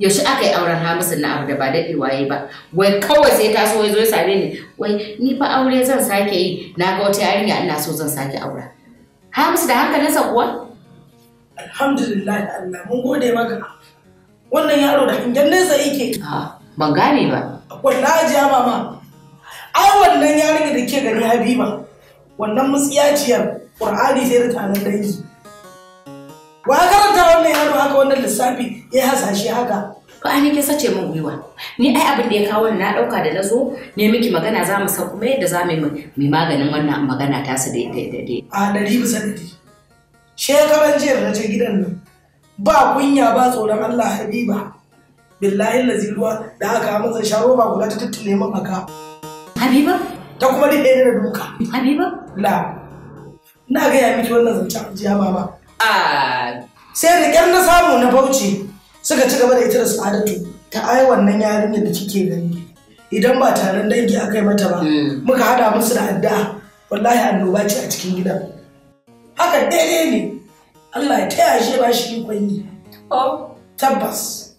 Yaushe aka yi auren Hamisu na abu da ba daɗi waye ba. Wai kawai sai ta so ya zo ya same ni. Wai ni fa aure zan sake yi na ga wata yarinya ina so zan sake aura. Hamisu da hankalinsa kuwa? Alhamdulillah Allah mun gode maka. Wannan yaro da hangen nesa yake. Ban gane ba. Wallahi ji mama. Ai wannan yarinya da ke gani Habiba. Wannan mutsiyaciyar Qur'ani sai da tanan dangi. wa karanta wannan yaro haka wannan lissafi ya hasashe haka ba ni ke sace min gwiwa ni ai abin da ya kawo na dauka da nazo ne miki magana za mu san kuma yadda za mu yi maganin wannan magana ta su da da a dari bisa dari shekaran jiya da ce gidan nan ba kunya ba tsoron Allah habiba billahi lazi ruwa da aka masa sharo ba kula ta tattune min aka habiba ta kuma rike da duka habiba la na ga ya miki wannan zancen jiya baba sai da na samu na bauchi suka ci gaba da ita da sa'adatu ta ai wannan yarinyar da kike gani idan ba taron dangi aka yi mata ba hmm. muka hada musu da addu'a wallahi annoba ce a cikin gidan haka daidai ne Allah ya taya shi ba shi ikon yi oh. tabbas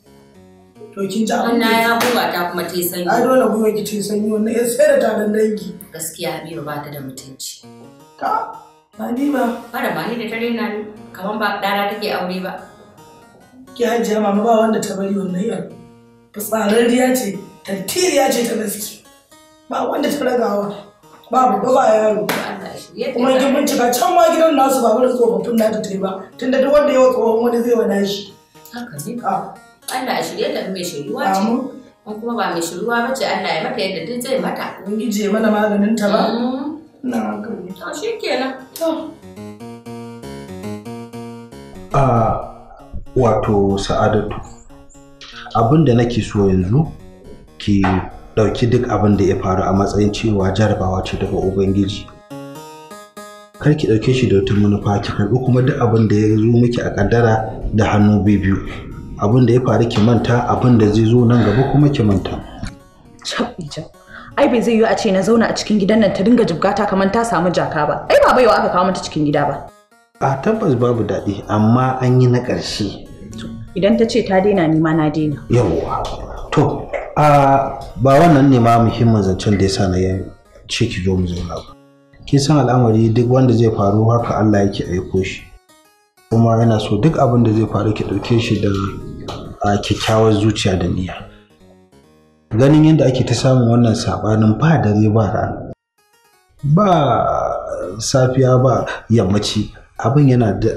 to kin ji abin ya kuma ta kuma ta sanyi a dole kuma ki ta sanyi wannan sai da taron dangi gaskiya Habiba ba ta da mutunci ta Ba ni ba. Mara ba ni da tare na kamar ba ɗana take aure ba. Ki hajiya mama ba wanda ta bari wannan yar. Fitsararriya ce, tantiriya ce ta gaske. Ba wanda ta ragawa. Ba babba ba yaro. Kuma kin bincika can ma gidan nasu ba wani tsofaffin na ta ba. Tunda duk wanda yawa tsohon wani zai wada shi. Haka ne. Ah. Allah a shirye da mai shiruwa ce. Amin. kuma ba mai shiruwa ba ce Allah ya mata yadda duk zai mata. Ubangiji ya mana maganin ta ba. Mm. wato sa'adatu abin da nake so yanzu ki ɗauki duk abin da ya faru a matsayin cewa jarabawa ce daga ubangiji kar ki ɗauke shi da wata manufa ki karbi kuma duk abin da ya zo miki a kaddara da hannu biyu abin da ya faru ki manta abin da zai zo nan gaba kuma ki manta. ai bai zai yiwu a ce na zauna a cikin gidan nan ta dinga jibgata kamar ta samu jaka ba ai ba baiwa aka kawo mata cikin gida ba a tabbas babu daɗi amma an yi na ƙarshe idan ta ce ta daina ni ma na daina yawwa to a ba wannan ne ma muhimmin zancen da ya sa na yi ce ki zo mu zauna ba kin san al'amari duk wanda zai faru haka Allah yake aiko shi kuma yana so duk abin da zai faru ki ɗauke shi da kyakkyawar zuciya da niyya ganin yadda ake ta samun wannan saɓanin ba dare ba rana ba safiya ba yammaci abin yana da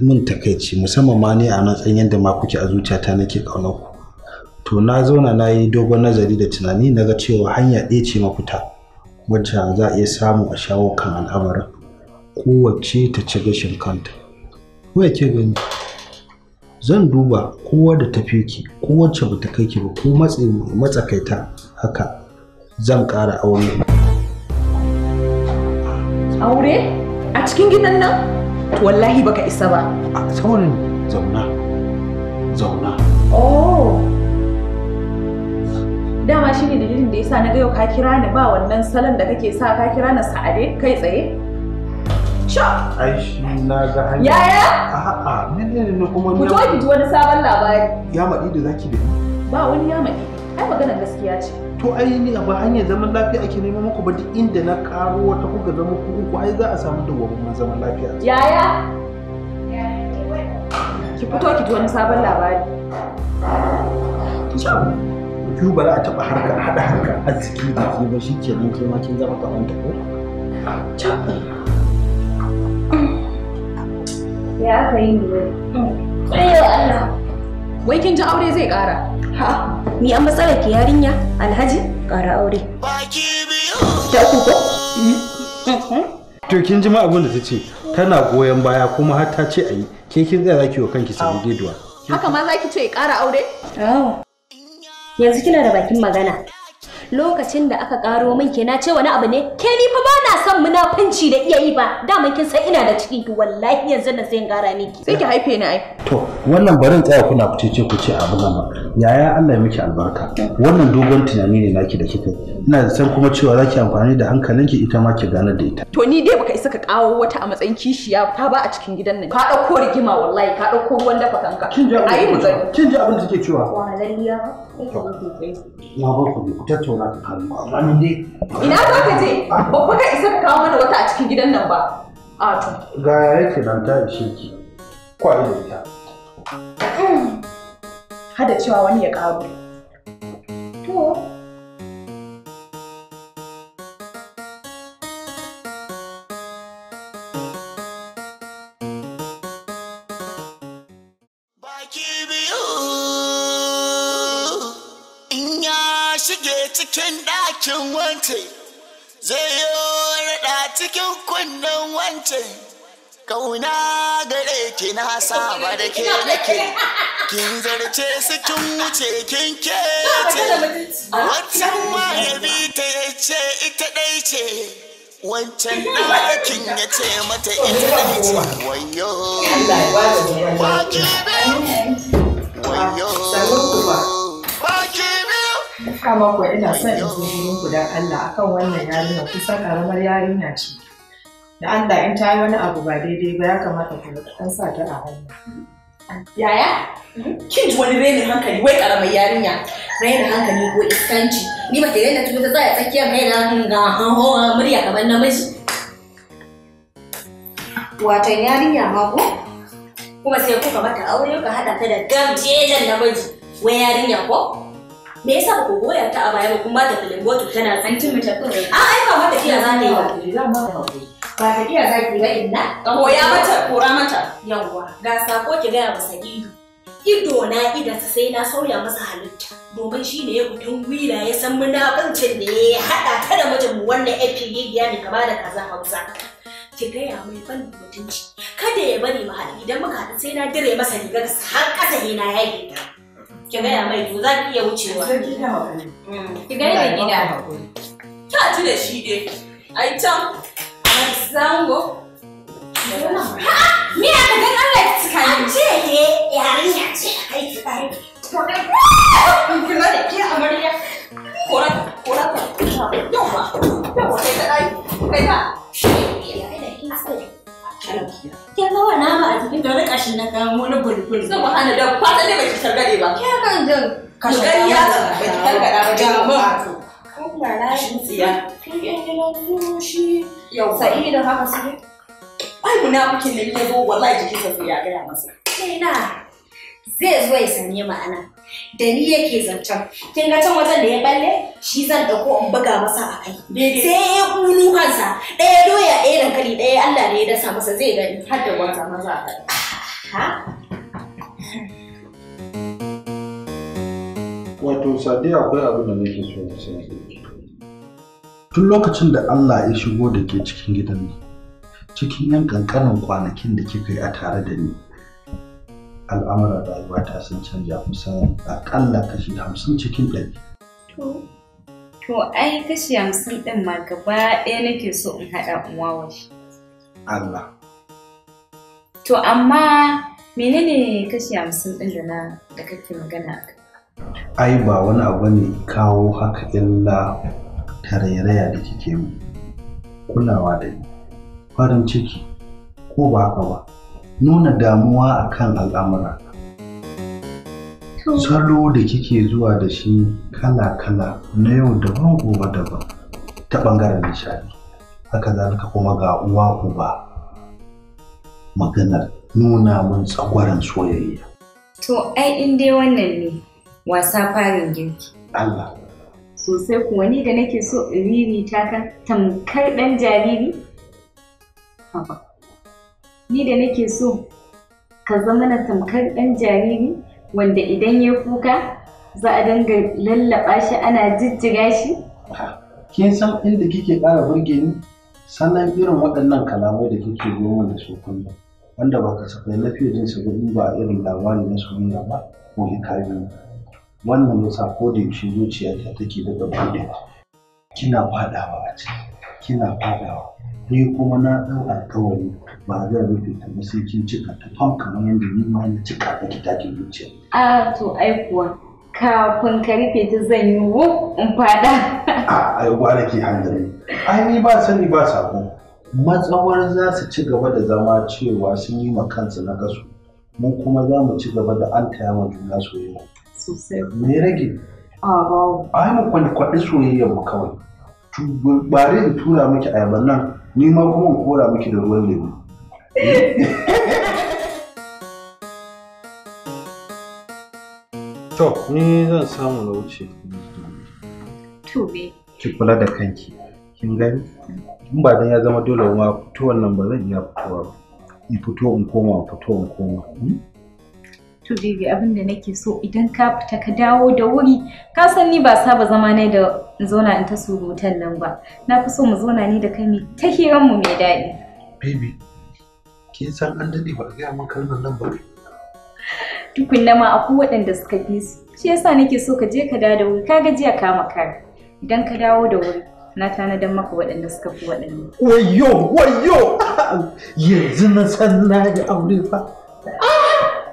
mun takaici musamman ma ne a matsayin yadda ma kuke a ta nake ƙaunar ku to na zauna na yi dogon nazari da tunani na ga cewa hanya ɗaya ce mafita wacce za a iya samu a shawo kan al'amarin kowace ta ci gashin kanta. ke gani? zan duba kowa da tafi ki kowace ba ta kai ki ba ko matsakaita haka zan ƙara aure. Aure? A cikin gidan nan? To wallahi baka isa ba. A tsawon zauna. Zauna. Oh. Dama shi ne dalilin da yasa na ga yau ka kira ni ba wannan salon da kake sa ka kira ni sa'ade kai tsaye? Ai Aishi, na ga hanyar? Yaya? A'a, ne ne ne kuma ne. Ku ki ji wani sabon labari. Ya maɗi da zaki da ni. Ba wani ya maɗi. Ai magana gaskiya ce. To ai ni ba hanyar zaman lafiya ake nema muku ba duk inda na karo wata kuka zama ku uku ai za a samu dawwammamin zaman lafiya. Yaya? Ki fito ki ji wani sabon labari. Ki ba za a taɓa harkar haɗa harkar arziki da ke ba shi kenan ke ma kin zama kamar ta ko? ya aka yi ne ƙwayo Allah wai kin ji aure zai ƙara ha ni an matsalar ki yarinya alhaji ƙara aure Ta uku ko mm-hmm. to kin ji ma abin da ta ce tana goyon baya kuma har ta ce a yi ke kin tsaya zaki wa kanki sabu giduwa haka ma zaki ce ƙara aure yanzu kina da bakin magana lokacin da aka karo min ke na ce wani abu ne ke ni fa ba na son munafunci da iya yi ba dama kin san ina da ciki ki wallahi yanzu na sai gara miki sai ki haife ni ai to wannan barin tsaya kuna ku ce ku ce abu nan yaya Allah ya miki albarka wannan dogon tunani ne naki da kike ina da san kuma cewa zaki amfani da hankalinki ita ma ki gane da ita to ni dai baka isa ka kawo wata a matsayin kishiya ta ba a cikin gidan nan ka dauko rigima wallahi ka dauko ruwan dafa kanka kin ji abin da kike cewa wa lalliya Na ba ku ku tattauna kan ba. dai. Ina za ka je? Babba ka isa ka kawo mana wata a cikin gidan nan ba. A to. Ga yake nan ta ishe ki. Kwaye da ita. Hada cewa wani ya ƙaru. To, kauna gare ki na saba da ke nake *laughs* kin zarce su kin wuce kin kece wancan ma ya bi ta ya ce ita dai ce wancan ɗakin ya ce mata ita ɗai ce wayo baki kama kuwa ina son in ji gudan Allah akan wannan yarinya kusan karamar yarinya ce da an da in ta yi wani abu ba daidai ba ya kamata ku an sa ta a hannu. Yaya? Kin ji wani rainin hankali wai karamar yarinya rainin hankali ko iskanci ni ba ta tuni ta tsaya tsakiyar mai na ga hawa murya kamar namiji. Watan yarinya ma ko? Kuma sai kuka mata aure ka haɗa ta da gamjejen namiji wai yarinya ko? me yasa ku goya ta a baya ba kuma ta filin botu tana san tun mutum a ai ba wata tafiya za ta yi wa. Ba ta iya zaki ba inna. Koya mata, kora mata. Yawwa, ga sako ki gaya masa ido. Ido na idansa sai na sauya masa halitta. Domin shi ne ya kudin gwila ya san munafancin da ya haɗa ta da mijin wannan FPD ya ne kama da kaza Hausa. Ki gaya mai ban mutunci. Kada ya bari mahali, haɗu idan muka haɗu sai na dire masa rigar har ƙasa ne na yaƙi ki gaya mai to za ki iya wucewa. Mm. Ki gaya da gida. Ki a ci da shi dai. Ai can. zango. Miya ka gan Allah ki cika ni. Ce ne yarinya ce a kai ki bari. Kun da ke amarya. Kora kora kora. Yawa yawa kai ta dai. Kai ta. Ke nawa nama a cikin kashin na kan wani bulbul. da ne baki targade ba. Ke kan jin. Kashin ya ba kan bala'in tsiya kan yan gidan fushi yau sa'idu haka suke ai munafikin nan ya zo wallahi jikinsa sai ya gaya masa kaina zai zo ya sanye ma'ana da ni yake zancen kin ga can wajen da ya balle shi zan dauko in buga masa a kai sai ya kunu kansa ɗaya doya ɗaya dankali ɗaya Allah ne ya dasa masa zai gani har da wata maza a kai wato sadiya akwai abin da nake so na sani tun lokacin da Allah ya shigo da ke cikin gidan nan cikin yan kankanin kwanakin da kika yi a tare da ni al'amuran rayuwa ta sun canja kusan akalla kashi hamsin cikin ɗari. To, to ai kashi hamsin ɗin ma gaba ɗaya nake so in haɗa in wawashi. Allah. To amma menene kashi hamsin ɗin da na da kake magana a Ai ba wani abu ne kawo haka illa tarairaya da kike mu kulawa da ni farin ciki ko ba haka ba nuna damuwa akan al'amura salo da kike zuwa da shi kala-kala na yau daban gobe daban ta ɓangaren nishadi haka zalika kuma ga uwa uba maganar nuna mun tsagwaran soyayya to ai in dai wannan ne wasa farin girki Allah sosai kuwa ni da nake so in ta kan tamkar ɗan jariri haba ni da nake so ka zama na tamkar ɗan jariri wanda idan ya kuka za a dinga lallaɓa shi ana jijjiga shi kin san inda kike ƙara burge ni sannan irin waɗannan kalamai da kike goma da su kullum wanda baka kasafai na fiye ba a irin labarin na soyayya ba ko hikayoyi wannan yasa ko da yaushe zuciyata take daga buɗe kina fadawa a ciki kina fadawa ni kuma na ɗau alkawari ba zan rufe ta ba sai kin cika ta fam kamar yadda ni ma na cika ta ki take zuciya a to ai kuwa kafin ka rufe ta zan yi wu in fada a ai gwara ke hanzari ai ni ba sani ba sako matsawar za su ci gaba da zama cewa sun yi ma kansu na kasu mu kuma za mu ci gaba da an taya ma juna soyayya sosai me rage a ba ai mu kwankwaɗi soyayyar mu kawai bare in tura miki ayaban nan ni ma kuma in kora miki da ruwan lemu to ni zan samu na wuce ki kula da kanki kin gani in ba dan ya zama dole ma fito nan ba zan iya fitowa in fito in koma fito in koma hmm? to baby abin da nake so idan ka fita ka dawo da wuri ka san ni ba saba zama ne da in zauna in ta surutan nan ba na fi so mu zauna ni da kai ne ta hiran mu mai daɗi baby kin san an dade ba ga mun kalmar nan ba tukunna ma akwai waɗanda suka fi su shi yasa nake so ka je ka dawo da wuri ka jiya ka makara idan ka dawo da wuri na tanadar maka waɗanda suka fi waɗanda. Wayo, wayo! *laughs* Yanzu na san na ga aure fa.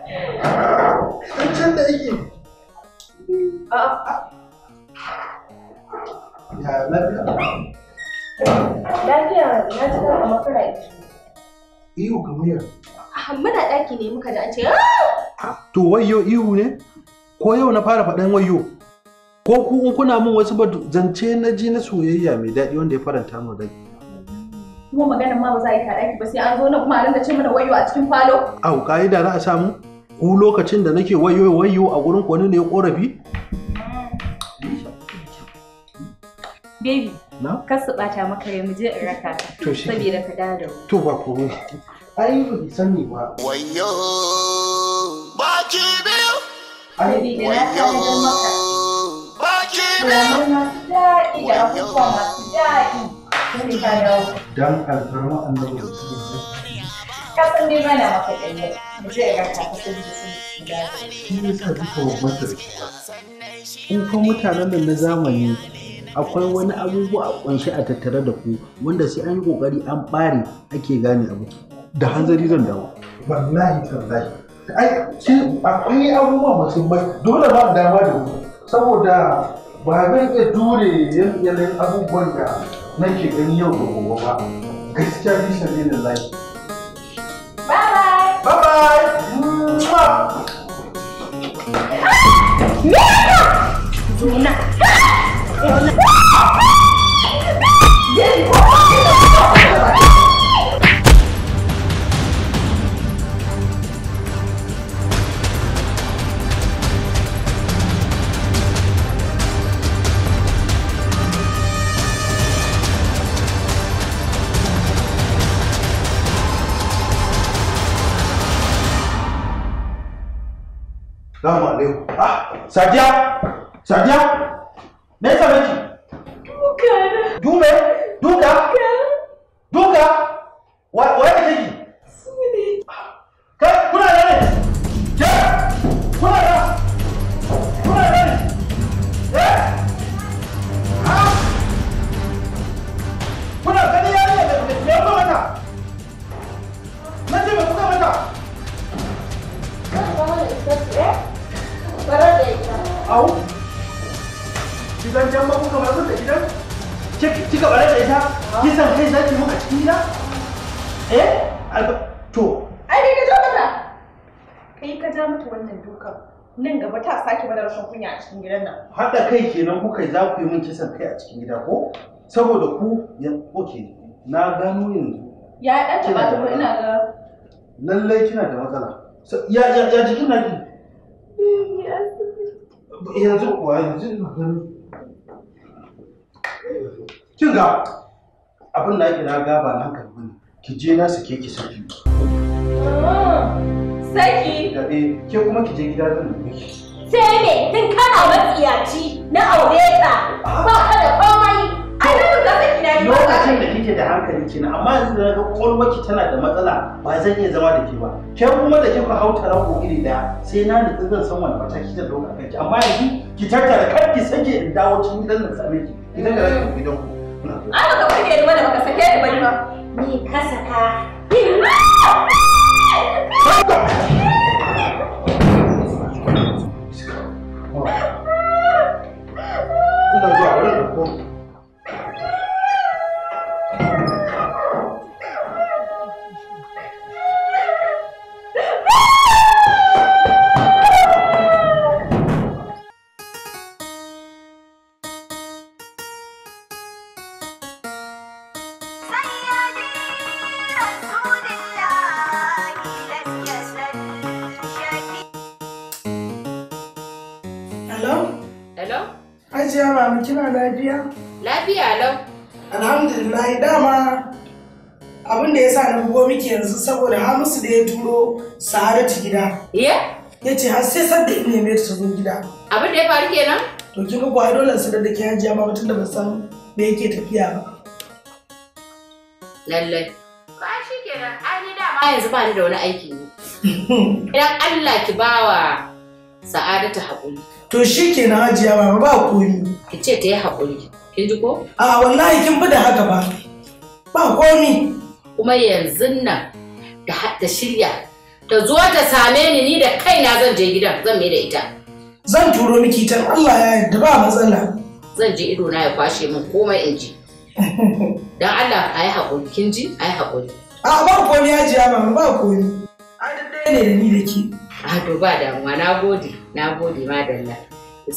An can da yake. Ya lafiya. Lafiya na ji a makara iki. Ihu kamar yau. Ah, muna ɗaki ne muka da an ce ah! To wayo ihu ne? Ko yau na fara faɗan wayo? Ko ku kuna min wasu zance na ji na soyayya mai daɗi wanda ya faranta mu rai. kuma maganar ma ba za a yi tare ba sai an zo na kuma a rinka ce mana wayo a cikin falo. Au da za a samu? ku lokacin da nake wayo wayo a gurin wani ne ya korafi baby ka kar su bata maka rai mu je in raka ka saboda ka dawo to ba komai ai ba ki sani ba wayo baki biyu ai wayo baki biyu daɗi da abubuwa masu daɗi dan alfarma annabi ka san dai bana maka ɗanye mu je ga ka san da sun da shi ne sa duka wata in kan mutanen nan na zamani akwai wani abubuwa a kunshi a tattare da ku wanda sai an yi kokari an bare ake gane abu da hanzari zan dawo wallahi tallahi ai akwai abubuwa masu mai dole ba dama da ku saboda ba zan iya dure yanayin abubuwan da nake gani yau da gobe ba gaskiya bisa ne da lafiya 出发！啊！你！你呢？啊！你呢？啊！Salamu alaikum. Ah, Sadiya! Sadiya! Me yasa miki? Duka. Dube? saboda ku ya oke na gano yanzu ya dan taba ta ina ga lallai kina da matsala ya ya ya jikin naki yanzu kuwa yanzu na gani kin ga abin da ake na gaba nan hankali bane ki je na sake ki saki oh, saki da ke kuma ki je gida zan da miki sai me tun kana matsiyaci na aure ta ah. ba ka da komai lokacin da kike da hankali kenan amma yanzu da ga kwalwarki tana da matsala ba zan iya zama da ke ba ke kuma da kika hauta rago iri daya sai na nutsu zan san wani mataki zan dauka kanki amma yanzu ki tattara kar ki sake in dawo cikin gidan nan same ki ki tattara ki gidan ku ai ka burge ni bane baka sake ni bane ba ni ka saka Ina ba mu kina lafiya? Lafiya lau. Alhamdulillah dama abin da ya sa na bugo miki yanzu saboda Hamisu da ya turo Sa'adatu gida. Iya? Ya ce har sai sadda in neme ta zo gida. Abin da ya faru kenan? To kin ga gwai dole su da dake Hajiya Mama da ba san me yake tafiya ba. Lallai. Ba shi kenan, ai ni dama yanzu ba ni da wani aiki ne. *laughs* Idan Allah ki bawa Sa'adatu haƙuri. to shi ke na hajiya ba ba koyi. ki ce ta yi haƙuri kin ji ko a wallahi kin fi da haka ba ba komi kuma yanzu nan da ta shirya ta zo ta same ni ni da kaina zan je gidan zan mai da ita zan turo miki ta Allah ya yarda ba matsala zan je ido na ya kwashe min komai in ji *laughs* dan Allah a yi haƙuri kin ji a yi haƙuri a ba komi hajiya ba ba komi a duk ne da ni da ke a to ba damuwa na gode na gode madalla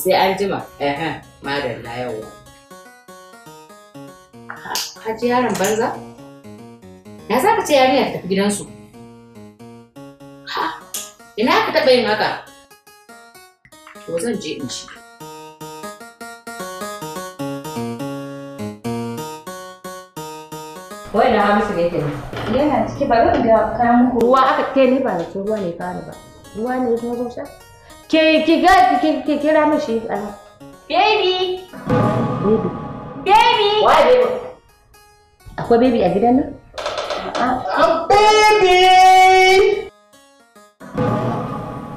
sai an jima ehem madalla yawa haji yaron banza na za ka ce yarinya ta tafi gidansu ha ina ka taɓa yin haka to zan je in ci Wai na musu ne kenan. Yana ciki ba zan ga kayan muku ruwa aka kai ne ba da ruwa ne fara ba. Ruwa ne kuma zo sha? Ke ki ga ki ki kira mishi ɗan. Baby. Baby. Baby. Wa baby. Akwai baby a gidan nan? ah. baby.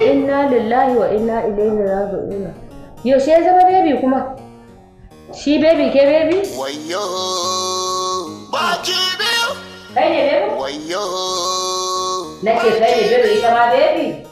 Inna lillahi wa inna ilayhi raji'un. Yo ya zama baby kuma? Shi baby ke baby? Wayo. Baki biyu. Kai ne baby? Wayo. Nake kai ne baby ita ma baby.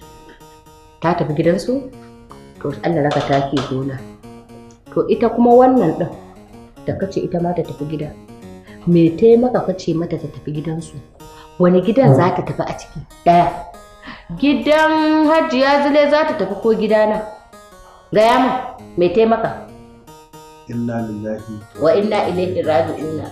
ta tafi gidansu to Allah raka ta ke gona to ita kuma wannan ɗin da kace ita ma ta tafi gida me ta taimaka kace mata ta tafi gidansu wani gidan za ta tafi a ciki ɗaya gidan hajiya zile za ta tafi ko gidana gaya min me taimaka inna lillahi wa inna ilaihi raji'una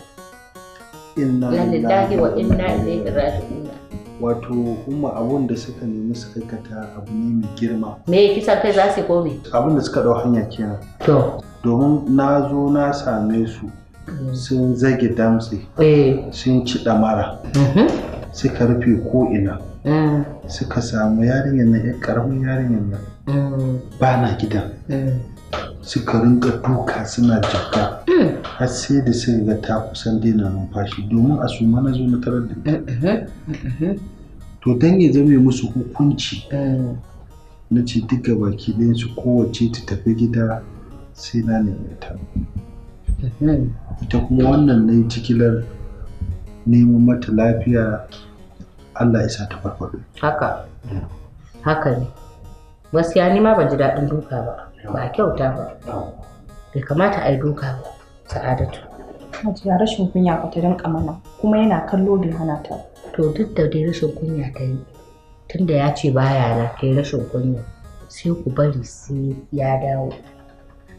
inna lillahi wa inna ilaihi raji'una wato umma abun da suka nemi su aikata abu ne mai girma me kisa kai za su kome abun da suka dau hanya kenan to domin na zo na same su mm. sun zage damtse eh. sun ci damara mm-hmm. suka rufe ko'ina mm. suka samu yarinyar nan ƙaramin karamin yarinyar nan mm. ba na gidan suka rinka duka suna jaka eh. har sai da sai ga ta kusan daina numfashi domin a su na zo na tarar da eh, eh, to dan ya zame musu hukunci na ce duka baki ɗayan su kowace ta tafi gida sai na nemi ta ita kuma wannan na cikilar neman mata lafiya Allah ya sa ta farfaɗo haka haka ne gaskiya ni ma ban ji daɗin duka ba ba kyauta ba bai kamata a yi duka ba sa'adatu Hajiya rashin kunya ba ta rinka mana kuma yana kallo bai hana ta to duk da dai rashin kunya ta yi tunda ya ce baya na ta rashin kunya sai ku bari sai ya dawo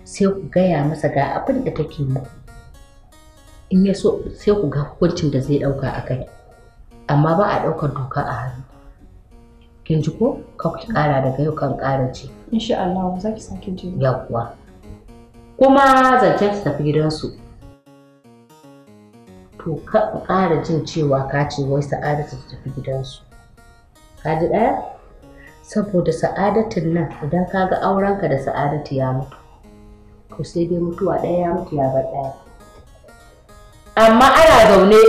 sai ku gaya masa ga abin da take mu in ya so sai ku ga hukuncin da zai ɗauka a kai amma ba a ɗaukar doka a hannu kin ji ko ka kara daga yau kan ƙara ce insha Allah za ki sake je yawwa kuma zancen su tafi gidansu to ka ƙara jin cewa ka ce wai sa'adatu ta tafi gidansu ka ji ɗaya saboda sa'adatin nan idan ka ga aurenka da sa'adatu ya mutu to sai dai mutuwa ɗaya ya mutu ya bar ɗaya amma ana zaune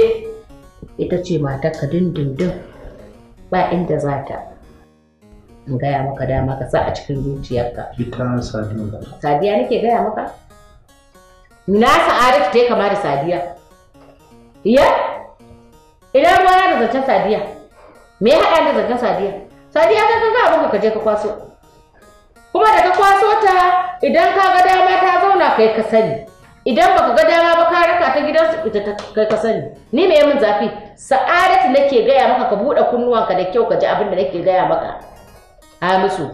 ita ce ka dindindin ba inda za ta in gaya maka dama ka sa a cikin zuciyarka. Ita sadiya. ba. Sadiya nake gaya maka? Na sa'adatu ta yi kama da sadiya. Iya? Idan ruwa da zancen sadiya. Me ya haɗa da zancen sadiya? Sadiya ta zaza abin ka je ka kwaso. Kuma da ka kwaso ta idan ka ga dama ta zauna kai ka sani. Idan baka ga dama ba ka raka ta gidansu ita ta kai ka sani. Ni me min zafi? Sa'adatu nake gaya maka ka buɗe kunnuwanka da kyau ka ji abin da nake gaya maka. Hamisu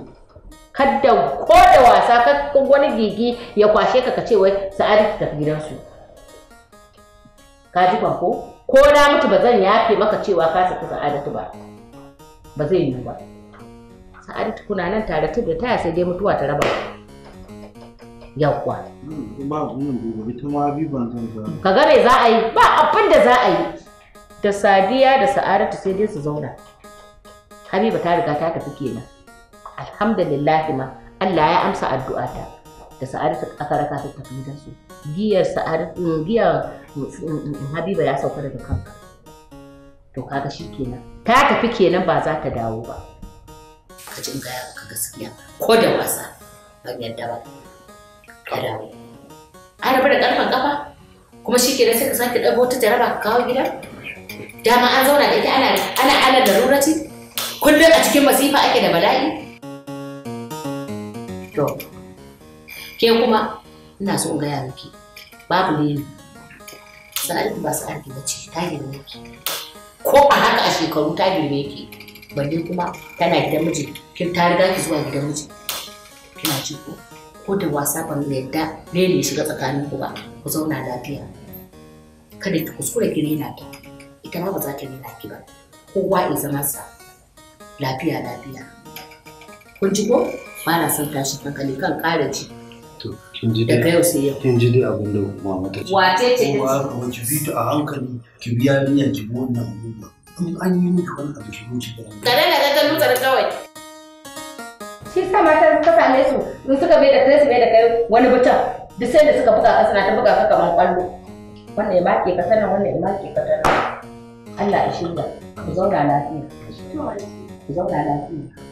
kada ko da wasa ka wani gigi ya kwashe ka kace wai sa'adu ki tafi gidansu ka ji ko ko na mutu ba zan yafe maka cewa ka saki sa'adatu ba ba zai yi ba sa'adatu kuna nan tare da ta sai dai mutuwa ta raba yawwa ka gare za a yi ba abin da za a yi da sadiya da sa'adatu sai dai su zauna habiba ta riga ta tafi kenan alhamdulillah ma Allah ya amsa addu'ata da sa'adatu aka raka ta tafi su giyar sa'adatu mm, giyar mm, mm, habiba ya sauka daga kanka to kaga shi kenan ta tafi kenan ba za ta dawo ba ka ji in gaya ka gaskiya ko da wasa ban yadda ba kada dawo an rabu da karfan kafa kuma shi kenan sai ka sake ɗago ta jaraba ka kawo gida dama an zauna da ita ana ana ana rurati kullum a cikin masifa ake da bala'i to ke kuma ina so gaya miki babu ne sa'adu ba sa'adu ba ce ta girme ki ko a haka a shekaru ta girme ki balle kuma tana gidan miji kin ta riga ki zuwa gidan miji kina ci ko ko da wasa ban yadda ne ne shiga tsakanin ku ba ku zauna lafiya kada ki kuskure ki rena ta ita ma ba za ta rena ki ba kowa ya zama sa lafiya lafiya kun ci ko ba na son tashi hankali kan kare ji. To, kin ji dai. Daga sai yau. Kin ji dai abin da kuma mata ce. Wace ce ta ce? Kuma ki fito a hankali ki biya niyya ki bi wannan abubuwa. In an yi miki wani abu ki wuce da. Kare da ga galu tsare kawai. Shi sa mata suka same su in suka bai da kai su bai da kai wani butan duk sai da suka buga ka suna ta buga ka kamar kwallo. Wannan ya make ka sanan wannan ya make ka sanan. Allah ya shirya. Ku zauna lafiya. Ku zauna lafiya.